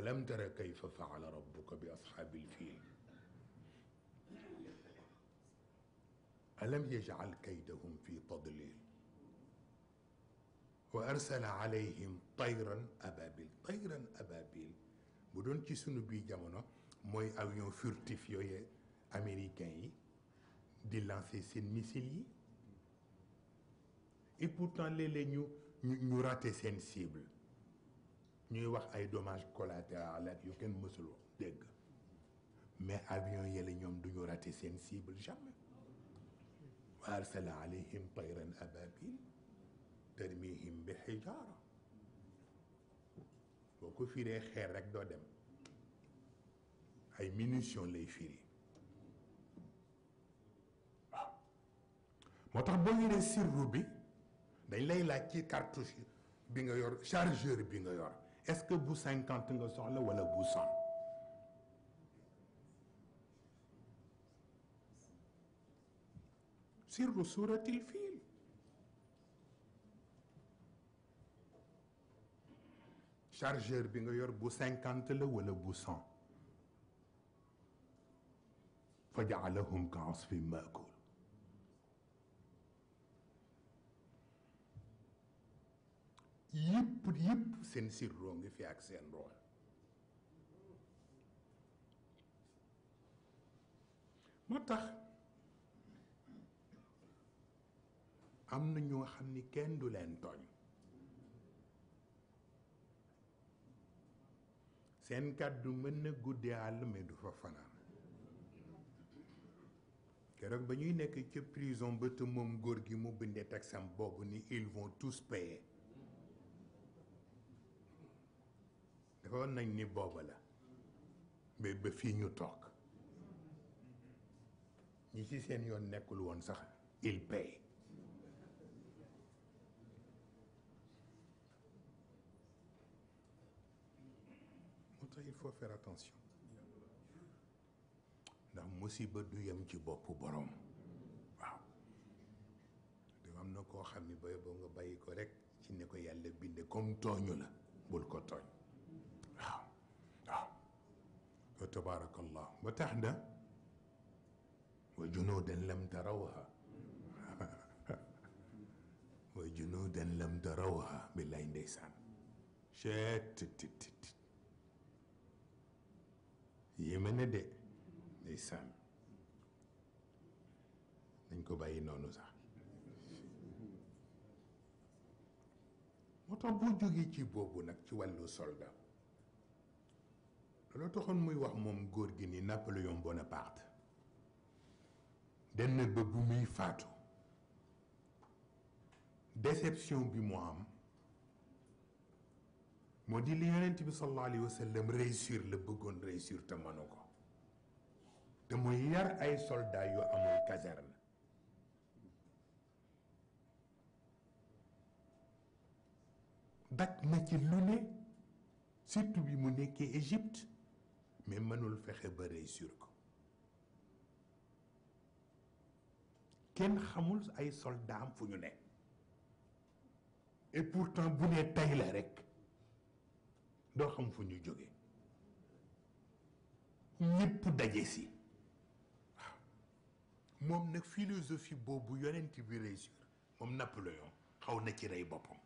alam tara kayfa faala rabbuka bi ashaabil fiil alam yajal kaydahum fi tadlil wa arsala alayhim tayran ababil tayran ababil bu doon ci sunu biir jamono mooy avion furtif yooyu américain yi di lancer seen missiles yi et pourtant léeg-léeg ñu ñu ñu seen cible ñuy wax ay dommages collatéraux ak yu kenn mësul dégg mais avion yële ñoom du ñu seen cible jamais wa arsala alayhim tayran ababil tarmihim bi xijaara boo ko firee xeer rek doo dem ay munition lay firi waaw ah. moo tax boo yoree sirru bi dañ lay laaj ci cartouche bi nga yor chargeur bi nga yor est-ce que bu cinquante nga soxla walla bu cent sirru suuratil fii chargeur bi nga yor bu cinquante la wala bu cent fa jaalahum ka asfin maakul yëpp yëpp seen sirroo ngi fi ak seen roo moo tax am na ñu xam ni kenn du leen tooñ seen kàddu mën na guddee àll du fa fanaan keroog ba ñuy nekk ca prison ba te góor gi mu bindee taxam boobu ni ils vont tous payer dafa woon nañ ni booba la mais ba fii ñu toog ñi ci seen yoon nekkul woon sax il paye tax il faut faire attention ndax musiba du yem ci boppu boroom waaw da am na koo xam ni bay boo nga bàyyi ko rekk ci ne ko yàlla binde comme tooñu la bul ko tooñ waaw waaw wa tabaarakallah ba tax na wa junuudan lam tarawha wa junuudan lam tarawha billaay ndeysaan cheet tit tit yéeme na de ndeysaan dañ ko bàyyi noonu sax moo tax boo jógee ci boobu nag ci wàllu soldat loolu taxoon muy wax moom góor gi ni Napoléon Bonaparte denn ba bu muy faatu déception bi mu am moo di li yonent bi sallallahu alayhi wa sallam réussir la bëggoon réussir te mënu ko te muy yar ay soldats yu amul caserne dak na ci lu ne surtout bi mu nekkee Égypte mais mënul fexe ba réussir ko kenn xamul ay soldats am fu ñu ne et pourtant bu ne tey la rek doo xam fu ñu jóge ñëpp daje si waaw moom nag philosophie boobu yonent bi réussir moom Napoléon xaw na ci rey boppam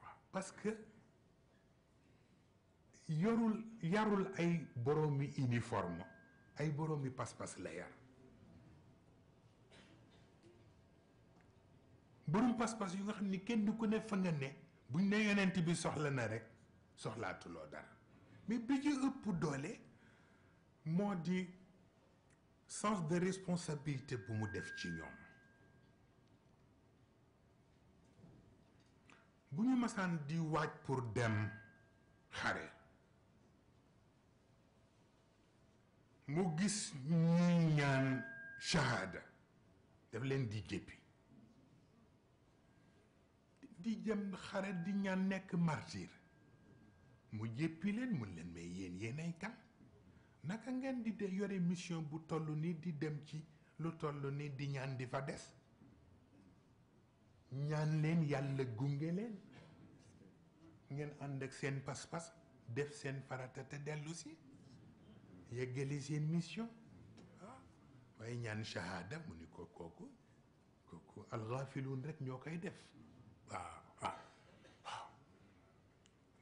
waaw parce que yorul yarul ay boroomi uniforme ay boroomi pas-pas la yar borom pas-pas yu nga xam ni kenn du ko ne fa nga ne buñ ne yonent bi soxla na rek soxlaatuloo dara mais bi ci ëpp doole moo di sens de responsabilité bu mu def ci ñoom bu ñu masaan di waaj pour dem xare mu gis ñuy ñaan shahada daf leen di jéppi di jëm xare di ñaan nekk martyr mu jéppi leen mun leen mais yéen yéenay kan naka ngeen di de yore mission bu toll nii di dem ci lu toll nii di ñaan di fa des ñaan leen yàlla gunge leen ngeen ànd ak seen pas-pas def seen farata te dellusi si seen mission ah waaye ñaan shahada mu ni ko kooku kooku alxaafiluun rek ñoo koy def waaw waaw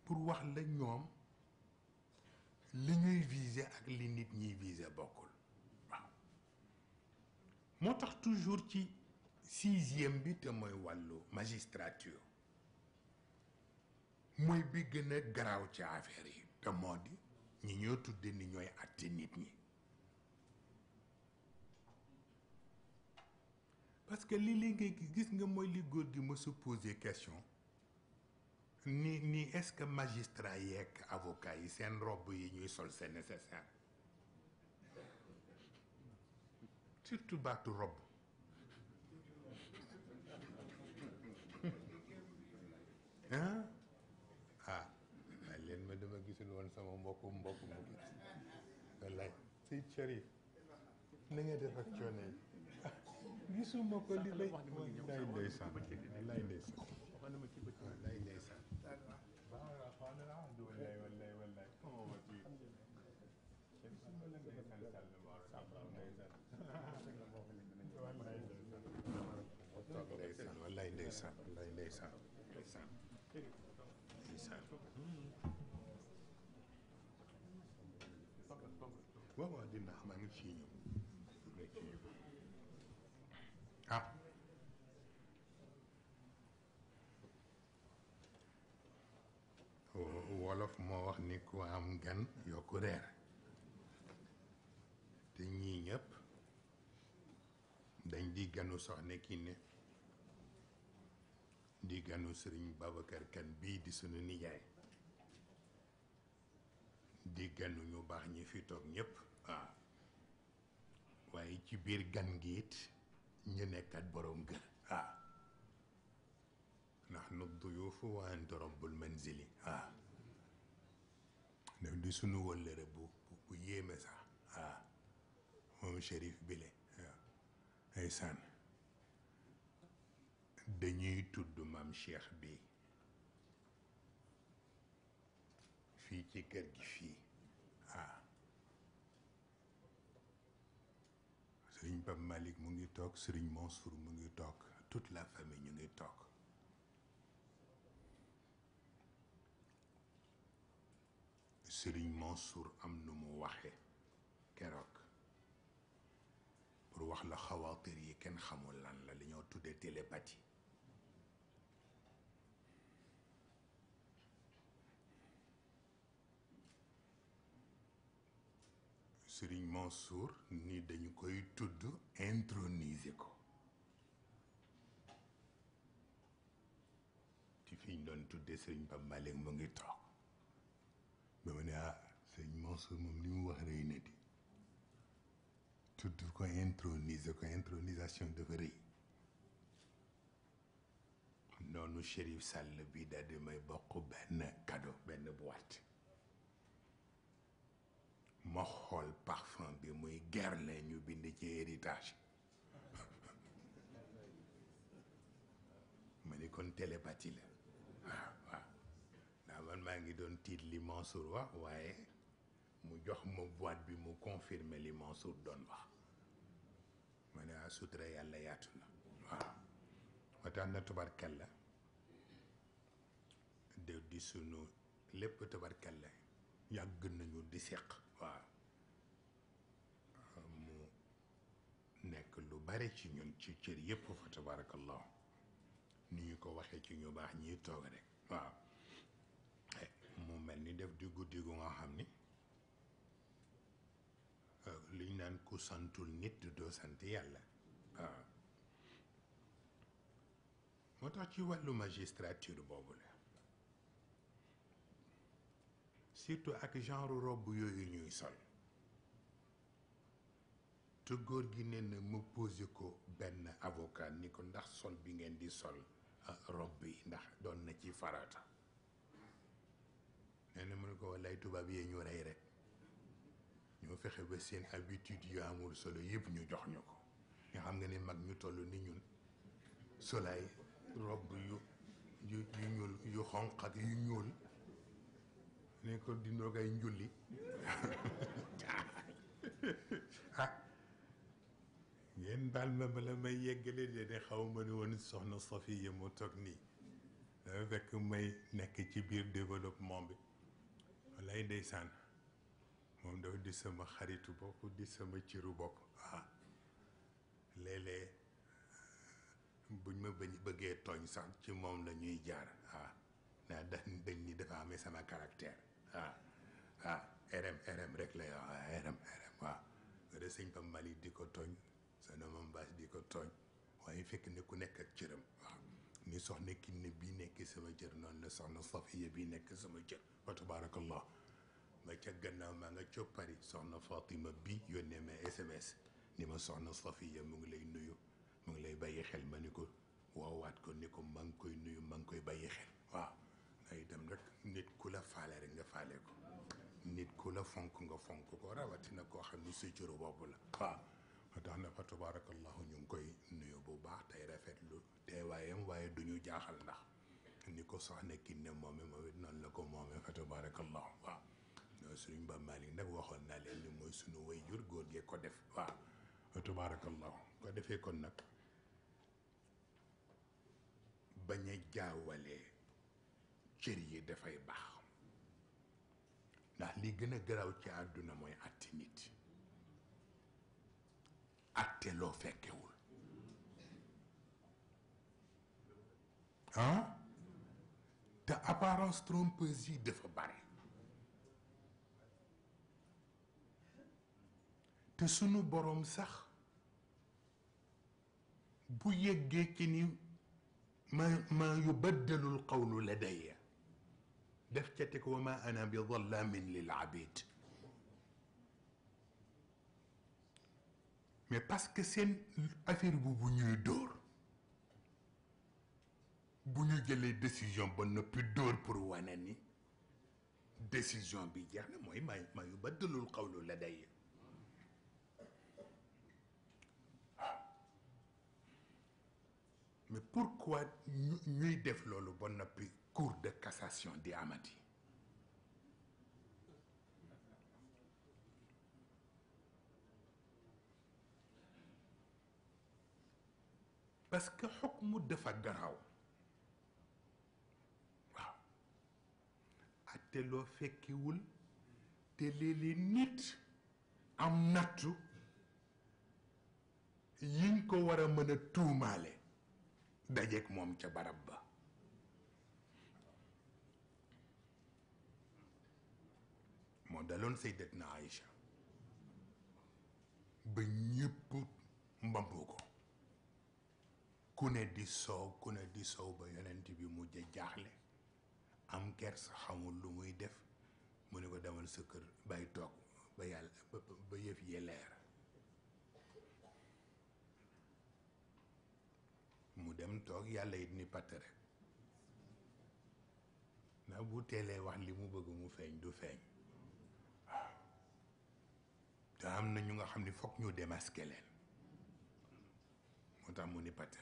pour wax la ñoom li ñuy viser ak li nit ñiy viser bokkul moo tax toujours ci sixième bi te mooy wàllu magistrature mooy bi gën a garaaw ci affaire yi te moo di ñi ñoo tudde ni ñooy àtte nit ñi parce que li li ngay gis nga mooy li góor gi ma su question ni ni est-ce que magistrat yeeg avocat yi seen robe yi ñuy sol seen nécessaire surtout baatu robe ah waaye leen ma dama gisul woon sama mbokku mbokku mu wallaay sëy cër yi na nga def ak coono gisuma ko li lay. wax na ma ci moo wax ni ku am gan yokku reer te ñii ñëpp dañ di ganu soxna Kiné di ganu sëriñ Babacar Kan bii di sunu nijaay di ganu ñu baax ñi fi toog ñëpp waaye ci biir gan gi ñu nekkat boroom gër waaw ndax nu duyuufu wa anta rabbul manzili waaw daf di sunu wëllëre bu bu yéeme sax waaw moom shérif bile waaw ay sànn dañuy tudd maam cheikh bi fii ci kër gi fii waaw sëriñ Pape Malick mu ngi toog sëriñ Mansour mu ngi toog tout la famille ñu ngi toog sëriñ Mansour am nu mu yi kenn xamul lan la li ñoo tuddee télépathie sëriñ Mansour ni dañu koy tudd introniser ko ci fi doon tuddee sëriñ Pape Malick mu ngi toog dama ne ah sëñ Mansour moom li mu wax rëy na di tudd ko introniser ko intronisation dafa rëy noonu Chérif Sall bi daal may bokk benn cadeau benn boîte ma xool parfum bi muy Guerlain ñu bind ci héritage ma ni kon télépathie la man maa ngi doon tiit li Mansour wax waaye mu jox ma boîte bi mu confirmer li Mansour doon wax ma ne ah, sutura yàlla yaatu na waaw ma tax na tubarkalla de di sunu lépp tubarkalla yàgg nañu di seq waaw mu nekk lu bare ci ñun ci cër yépp fa tabarakallah ni ñu ko waxee ci ñu baax ñiy toog rek waaw def nga xam ni euh, li ñu naan ku santul nit doo sant yàlla waaw ah. moo tax ci wàllu magistrature boobu la surtout ak genre robe yooyu ñuy sol te góor gi nee na ma posé ko benn avocat ni ko ndax sol bi ngeen di sol ah, robe yi ndax doon na ci farata nee na ko wallaay tubaab yee ñu rey rek ñoo fexe ba seen habitude yu amul solo yépp ñu jox ñu ko nga xam nga ne mag ñu toll ni ñun solaay robb yu yu yu ñuul yu xonq ak yu ñuul ne ko njulli ah ngeen baal ma bala may yeggale de de xaw ma ne woon soxna Safiya mu toog nii dafa fekk may nekk ci biir développement bi wallaay ndeysaan moom dafa di sama xaritu bopp di sama ciru bopp waaw ah, léeg-léeg euh, buñ ma bañ bëggee tooñ sax ci moom la jaar waaw ah, ndax dañ dañ ni dafa amee sama caractère waaw waaw RM RM rek la yow RM RM waaw wala sëñ Pape Malick di ko tooñ sa na baas di ko tooñ waaye fekk ni ku nekk ak cëram waaw ni soxna Kiné bii nekk sama jër noonu la soxna Safiya bi nekk sama jër wa tabaarakallah ma ca gannaaw maa nga ca Paris soxna Fatima bi yónnee ma SMS ni ma soxna Safiya mu ngi lay nuyu mu ngi lay bàyyi xel ma ni ko woowaat ko ni ko ma ngi koy nuyu maa ngi koy bàyyi xel waaw ngay dem rek nit ku la faale rek nga faale ko nit ku la fonk nga fonk ko rawatina koo xam ni sa jëru bopp la waaw ba tax na fa tabarakallahu ñu ngi koy nuyu bu baax tey rafetlu teewaayam waaye du ñu jaaxal ndax ni ko soxna Kiné moome moom it noonu la ko moome fa tabarakallahu waaw ñoo suñu ba Malick nag waxoon naa leen ni mooy suñu wayjur góor gee ko def waaw fa tabarakallahu ko defee kon nag bañ a jaawalee cër yi dafay baax ndax li gën a garaaw ci àdduna mooy àtti nit atte loo fekkewul ah te apparence trompeuse yi dafa te sunu borom sax bu yëggee ci ni ma yu ma yubaddalul qawlu ladayya def ca teg wa ma ana bi dhallamin lil abid mais parce que seen affaire bu bu ñuy dóor bu ñu jëlee décision ba noppi dóor pour wane ni décision bi jeex na mooy may ma yu baddalul xawlu la day mais pourquoi ñuy def loolu ba noppi cour de cassation di amati parce que mu dafa garaw waaw atte ah, loo fekkiwul te léeg-léeg nit am nattu yiñ ko war a mën a tuumaale dajeek moom ca barab ba moo daloon Sayyidatna Aïcha ba ñëpp mbamboo ko ku ne di soow ku ne di soow ba yonent bi mujj jaaxle am gers xamul lu muy def mu ne ko demal sa kër bay toog ba yàlla ba yëf yi mu dem toog yàlla it ni patt ndax bu teelee wax li mu bëgg mu feeñ du feeñ te am na ñu nga xam ni fokk ñu démasqué leen moo tax mu ni patt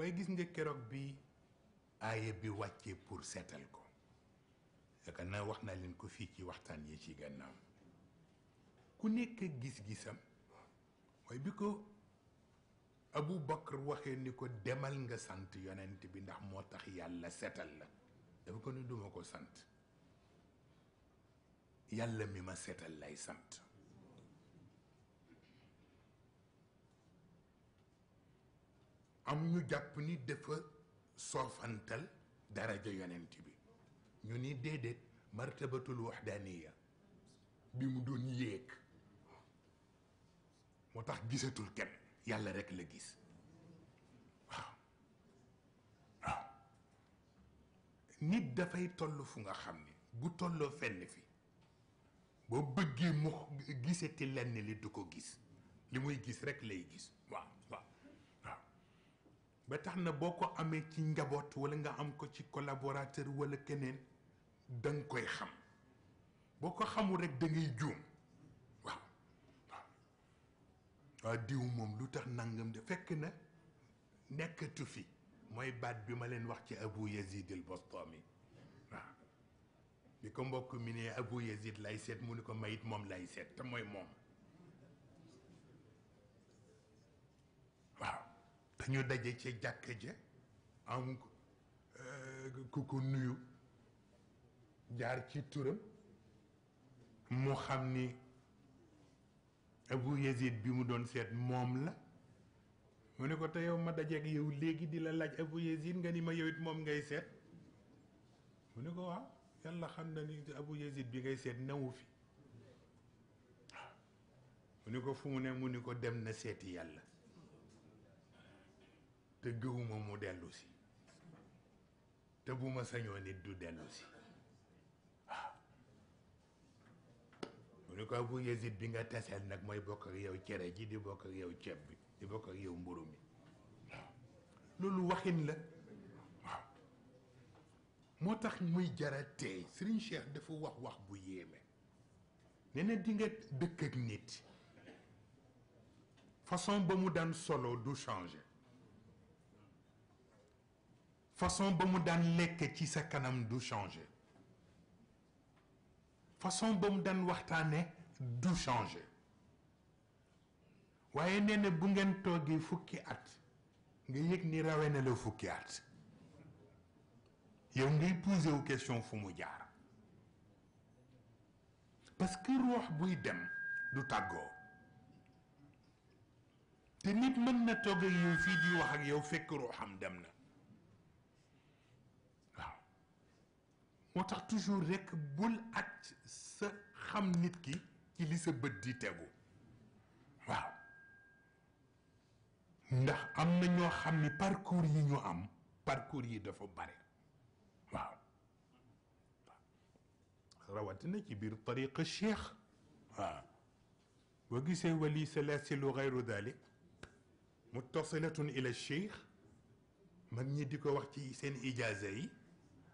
waaye gis nga keroog bi aaye bi wàccee pour seetal ko yaakaar naa wax naa leen ko fii ci waxtaan yi ci gannaaw ku nekk gis-gisam waaye bi ko Abu Bakr waxee ni ko demal nga sant yonent bi ndax moo tax yàlla seetal la dafa ko ni duma ko sant yàlla mi ma seetal lay sant am ñu jàpp ni dafa soofantal daraja yonent bi ñu ni déedéet martabatul waxdaaniya bi mu doon yéeg moo tax gisatul kenn yàlla rekk la gis waaw waaw nit dafay toll fu nga xam ni bu tolloo fenn fi boo bëggee mu gisati lenn li du ko gis li muy gis rek lay gis ba tax na boo ko amee ci njaboot wala nga am ko ci collaborateur wala keneen da koy xam boo ko xamul rek da ngay juum waaw waaw diw moom lu tax nangam di fekk na nekkatu fi mooy baat bi ma leen wax ci Abu Yazid al Bastami waaw bi ko mbokk mi ne Abu Yazid lay seet mu ni ko mayit moom lay seet te mooy moom te daje ce jàkka ja am euh, ku ko nuyu jaar ci turam moo xam ni Abu Yazid bi mu doon seet moom la mu ne ko te yow ma dajeeg yow léegi di la laaj Abu Yazid nga ni ma yow moom ngay seet mu ne ko waaw yàlla xam na ni Abu Yazid bi ngay seet newu fi mu ne ko fu mu ne mu ne ko dem na seeti yàlla te mu dellu si te bu ma sañoo nit du dellu si waaw ah. mu ne ko bu Yezid bi nga teseel nag mooy bokk ak yow cere ji di bokk ak yow ceeb bi di bokk ak yow mburu mi waaw loolu waxin la moo tax muy jara tey Serigne Cheikh dafa wax wax bu yéeme nee na di dëkk ak nit façon ba mu daan solo du changer façon ba mu daan lekk ci sa kanam du changer façon ba mu daan waxtaane du changer waaye nee bu ngeen toogee fukki at nga yëg ni rawe na la fukki at yow ngay poser wu question fu mu jaar parce que roox buy dem du tàggoo te nit mën na toog ak yow fii di wax ak yow fekk rooxam dem na moo tax toujours rekk bul ak sa xam nit ki ci li sa bët di tegu waaw ndax am na ñoo xam ni parcours yi ñu am parcours yi dafa bare waaw rawatina ci biir tariqa cheikh waaw boo gisee wali salaasilu gayru mu muttasilatun ila cheikh mag ñi di ko wax ci seen ijaaza yi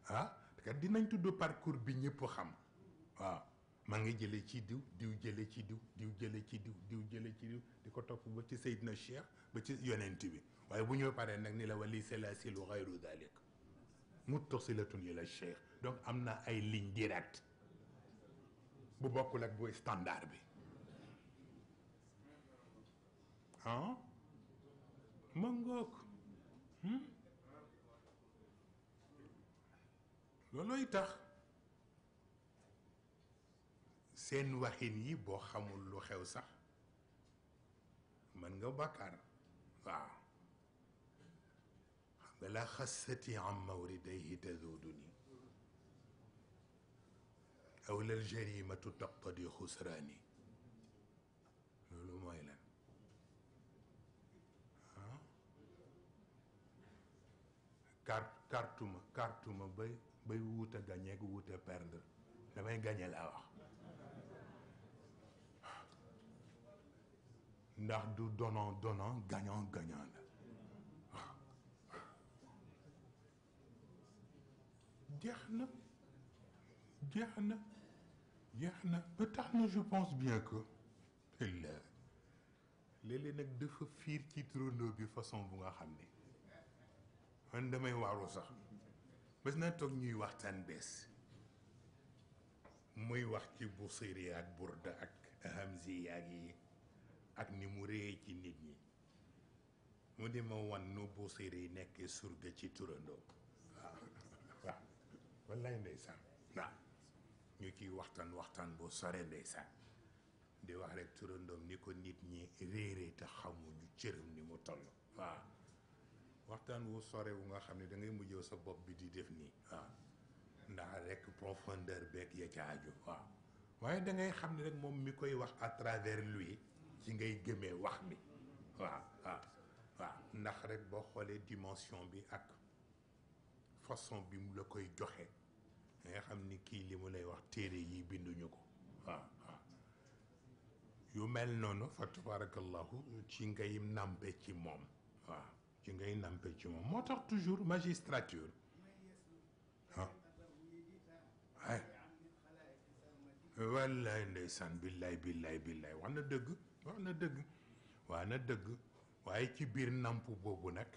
ah que dinañ tudd parcours bi ñëpp xam waaw ma ngi jëlee ci diw diw jëlee ci diw diw jëlee ci diw diw jëlee ci diw di ko topp ba ci Seydina Cheikh ba ci yonent bi waaye bu ñëw paree nag ni la wali salasilu xayru dalik muttasilatun ila Cheikh donc am na ay ligne directe bu bokkul ak bu standard bi ah ma ngoog hmm? loolooy tax seen waxin yi boo xamul lu xew sax mën nga bàkkaar waaw xam nga laa xasati am mawridayhi tazuudu ni aw lal jarimatu taqtadi xusraani loolu mooy lan ah kartuma kartuma bay bay wuut a gagné ku wuut a perdre damay gagné laa wax ndax du donnant donnant gagnant gagnant la jeex na jeex na jeex na ba tax na je pense bien que la léeg nag dafa fiir ci turandoo bi façon bu nga xam ni man damay waaru sax mës naa toog ñuy waxtaan bees muy wax ci busiri ak burda ak hamziya ak yi ak ni mu réye ci nit ñi mu di ma wan nu busiri nekk surga ci turandoo waaw waaw wallaay ndeysaan waaw ñu ciy waxtaan waxtaan bu sore ndeysaan di wax rek turandoom ni ko nit ñi réere te xamuñu cëram ni mu toll waaw waxtaan wu sore wu nga xam ne da ngay mujjee sa bopp bi di def nii waaw ndax rek profondeur beeg ya ca aju waaw waaye dangay xam ne rek moom mi koy wax à travers lui ci ngay gëmee wax mi waaw waaw waaw ndax rek boo xoolee dimension bi ak façon bi mu la koy joxe da xam ni kii li mu lay wax téere yi binduñu ko waaw waaw yu mel noonu fa tabarakallahu ci ngay nàmpe ci moom waaw ci ngay nampé ci moom moo tax toujours magistrature ah ay wallaay ndeysaan billaay billaay billaay wax na dëgg wax na dëgg waaye ci biir namp boobu nag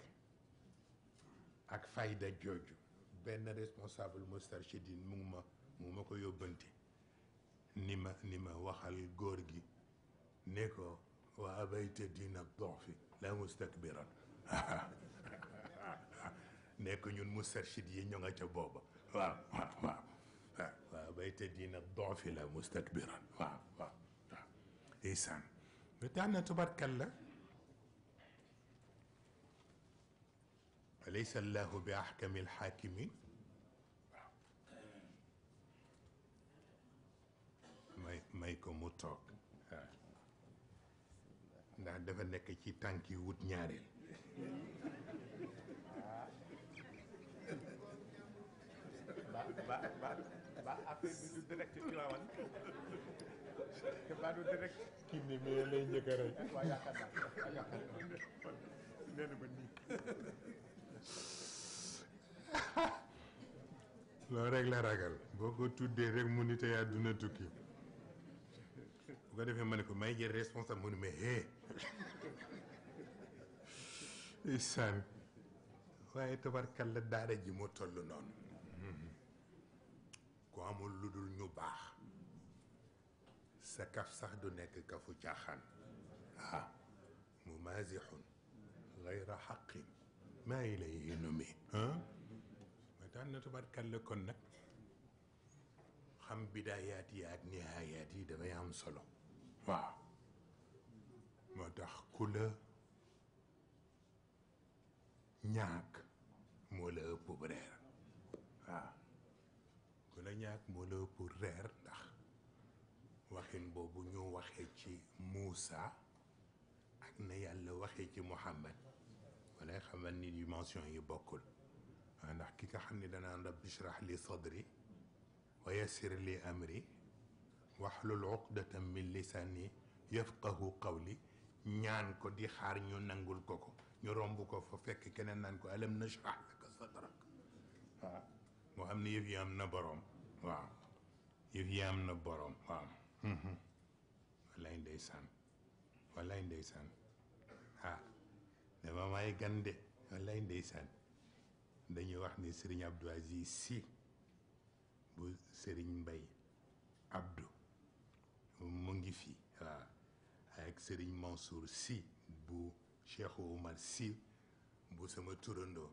ak fayda jooju benn responsable Moustarchidine mu ma mu ma ko yóbbante ni ma ni ma waxal góor gi ne ko wa abayta diina dox fi la mustakbiran nekk ñun mu sarchid yi ñu nga ca booba waaw waaw waaw ah, waaw bayte diina doofi la mustakbiran waaw waaw waaw ndeysaan nga tax na tubarkal la alaysa allahu bi ahkami alxaakimin waaw may may ko mu toog waaw ah. ndax dafa nekk ci tànk yi wut ñaareel ba ba ba ba la ragal. boo ko tuddee rek mu ni te àdduna tukki. bu ko defee ma ko may jël responsable mu ne mais ndeysaan waaye tabarkal la daara ji mu toll noonu ku amul lu dul ñu baax sa kaf sax du nekk kafu caaxaan ah, mu maasixun gayra xaqin maa ilayhi numi ma daan na tabarkal la kon nag xam bidaayaat yi ak nihaayaat yi dafay am solo waaw moo tax ku la ñaak moo la ëpp reer waaw ku la ñaak moo la ëpp reer ndax waxin boobu ñu waxee ci Muusa ak na yàlla waxee ci Muhammad walay xamal ni dimension yi bokkul ndax ki nga xam ni danaan rabbi shrah li sadri wa yassir li amri waxlul uqdatam min lisani yafqahu qawli ñaan ko di xaar ñu nangul ko ko ñu romb ko fa fekk keneen naan ko alam nashrah laka sadrak waaw moo xam ne yëf yi am na boroom waaw yëf yi am na boroom waaw mhm. wallaay ndeysaan wallaay ndeysaan ah dama may gande wallaay ndeysaan dañuy wax ni sëriñ Abdou Aziz si bu sëriñ Mbay Abdou mu ngi fi waaw ak sëriñ Mansour si bu Cheikh Oumar si bu sama turandoo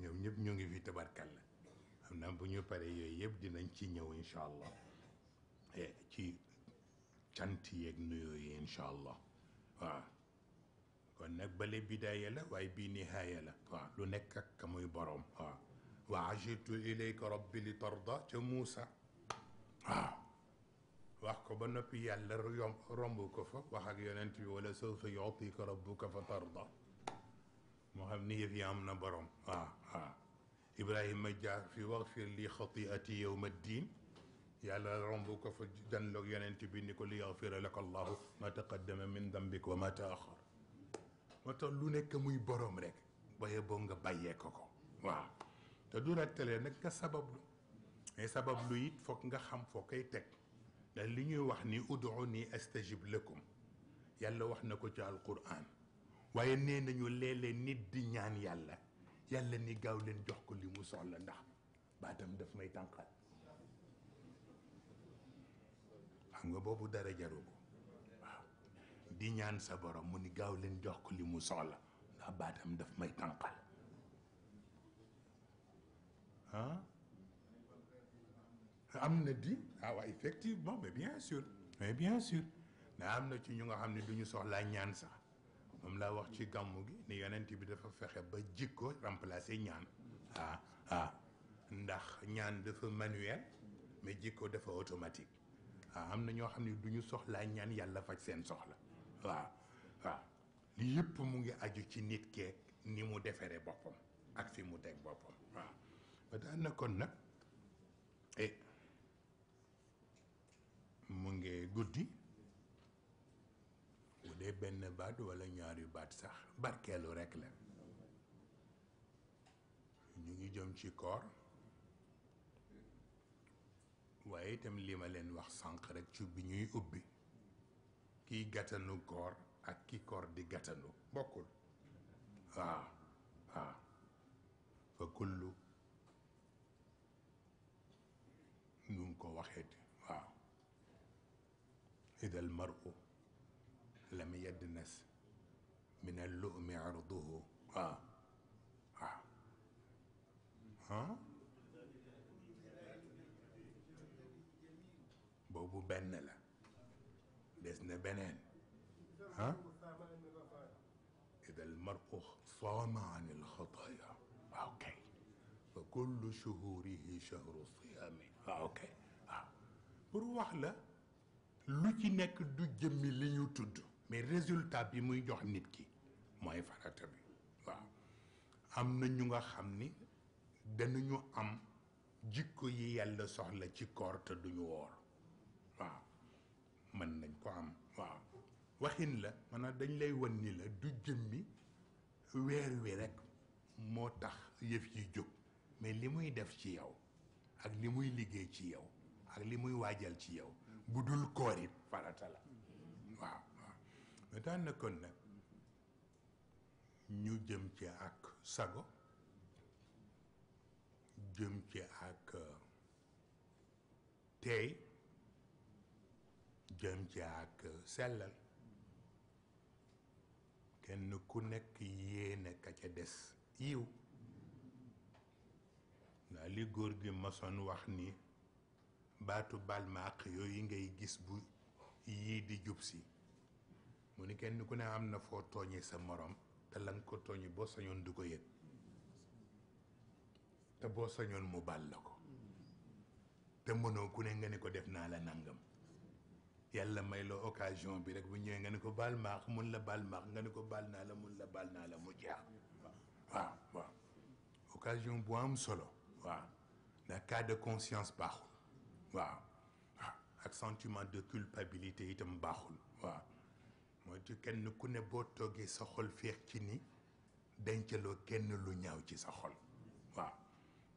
ñoom ñëpp ñu ngi fi la xam naa bu ñu paree yooyu yëpp dinañ ci ñëw incha allah eh, ci cant yeeg nuyoo allah waaw kon nag bale bidaaya la waaye bii nihaaya la waaw lu nekk ak ka muy boroom waaw wa ajibtu ilayka rabbi li tarda ca Muusa waaw wax ko ba noppi yàlla yom romb ko fa wax ak yonent bi wala sawfa yutika rabbuka fa tarda moo xam ni yëf yi am na borom waaw waaw ibrahima jaar fi waxfir li xatiati yowma ddin yàlla romb ko fa janloog yonent bi ni ko li yaxfira laka allahu ma taqaddama min dambik wa ma taaxar moo tax lu nekk muy borom rek baye boo nga bàyyee ko ko waaw te du rattalee nag nga sabablu mais sabablu it foog nga xam foo koy teg ndax li ñuy wax ni ud'uni astajib lakum yàlla wax na ko ci alquran waaye nee nañu léeg-léeg nit di ñaan yàlla yàlla ni gaaw leen jox ko li mu soxla ndax baatam daf may tànqal xam nga boobu dara jaru ko di ñaan sa borom mu ni gaaw leen jox ko li mu soxla ndax daf may tànqal am na di ah waaw effectivement mais bien sûr mais bien sûr mais am na ci ñu nga xam ne du ñu soxlaa ñaan sax moom laa wax ci gàmmu gi ni yonent bi dafa fexe ba jikko remplacer ñaan ah ah ndax ñaan dafa manuel mais jikko dafa automatique ah am na ñoo xam ne duñu soxlaa ñaan yàlla faj seen soxla waaw waaw li yëpp mu ngi aju ci nit keek ni mu defaree boppam ak fi mu teg boppam waaw ba na kon nag eh, mu ngi guddi bu dee benn baat wala ñaari baat sax barkeelu rekk la ñu ngi jëm ci koor waaye itam li ma leen wax sànq rekk ci bi ñuy ubbi kiy gàttanu koor ak ki koor di gàttanu bokkul waaw waaw fa kullu nu mu ko waxeeti إذا المرء لم يدنس من اللؤم عرضه آه آه ها boobu benn la des na beneen ah ida almaru saama an alxataaya waaw kay fa kullu shuhurihi shahru siyaami waaw kay waaw pour wax la lu ci nekk du jëmmi li ñu tudd mais résultat bi muy jox nit ki mooy farata bi waaw am na ñu nga xam ni danañu am jikko yi yàlla soxla ci koor te duñu woor waaw mën nañ ko am waaw waxin la maanaam dañ lay wan ni la du jëmmi weer wi rekk moo tax yëf yi jóg mais li muy def ci yow ak li muy liggéey ci yow ak li muy waajal ci yow bu dul koor it farata waaw waaw mais daan na nag ñu jëm ci ak sago jëm ci ak euh, tey jëm ci ak euh, sellal kenn ku nekk yéene a ca des yiw ndax li góor gi masoon wax ni baatu baal ma àq yooyu ngay gis bu yii di jub si mu ni kenn ku ne am na foo tooñee sa morom te la ko tooñi boo sañoon du ko yëg te boo sañoon mu baal la ko te mënoo ku ne nga ne ko def naa la nangam yàlla may la occasion bi rek bu ñëwee nga ne ko balmaax mun la baal nga ne ko bal naa la mun la bal naa la mu jeex waaw waaw occasion bu am solo waaw ndax cas de conscience baaxul waaw waaw ah, ak sentiment de culpabilité itam baaxul waaw mooy ci kenn ku ne boo toggee sa xol féex ci ni dencaloo kenn lu ñaaw ci sa xol waaw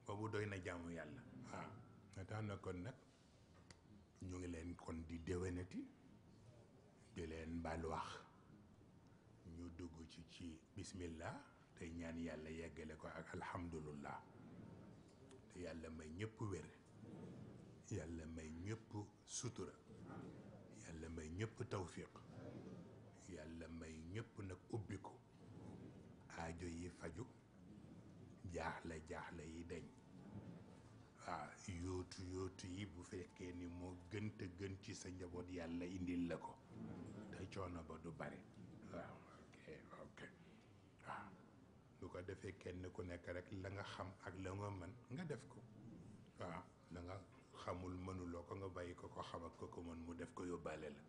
boobu doy na jaamu yàlla waaw nga tax na kon nag ñu ngi leen kon di déwénati di leen baal wax ñu dugg ci ci bismillah tey ñaan yàlla yeggale ko ak alhamdulillah te yàlla may ñëpp wér yàlla may ñëpp sutura yàlla may ñëpp tawfiq yàlla may ñëpp nag ubbiku aajo yi faju jaaxle jaaxle yi deñ waaw yóotu yóotu yi bu fekkee ni moo gënta gën ci sa njaboot yàlla indil la ko te coono ba du bari waaw ok ok waaw bu ko defee kenn ku nekk rek la nga xam ak la nga mën nga def ko waaw la xamul mënuloo ko nga bàyyi ko ko xamal ak ko ko mën mu def ko yóbbaale la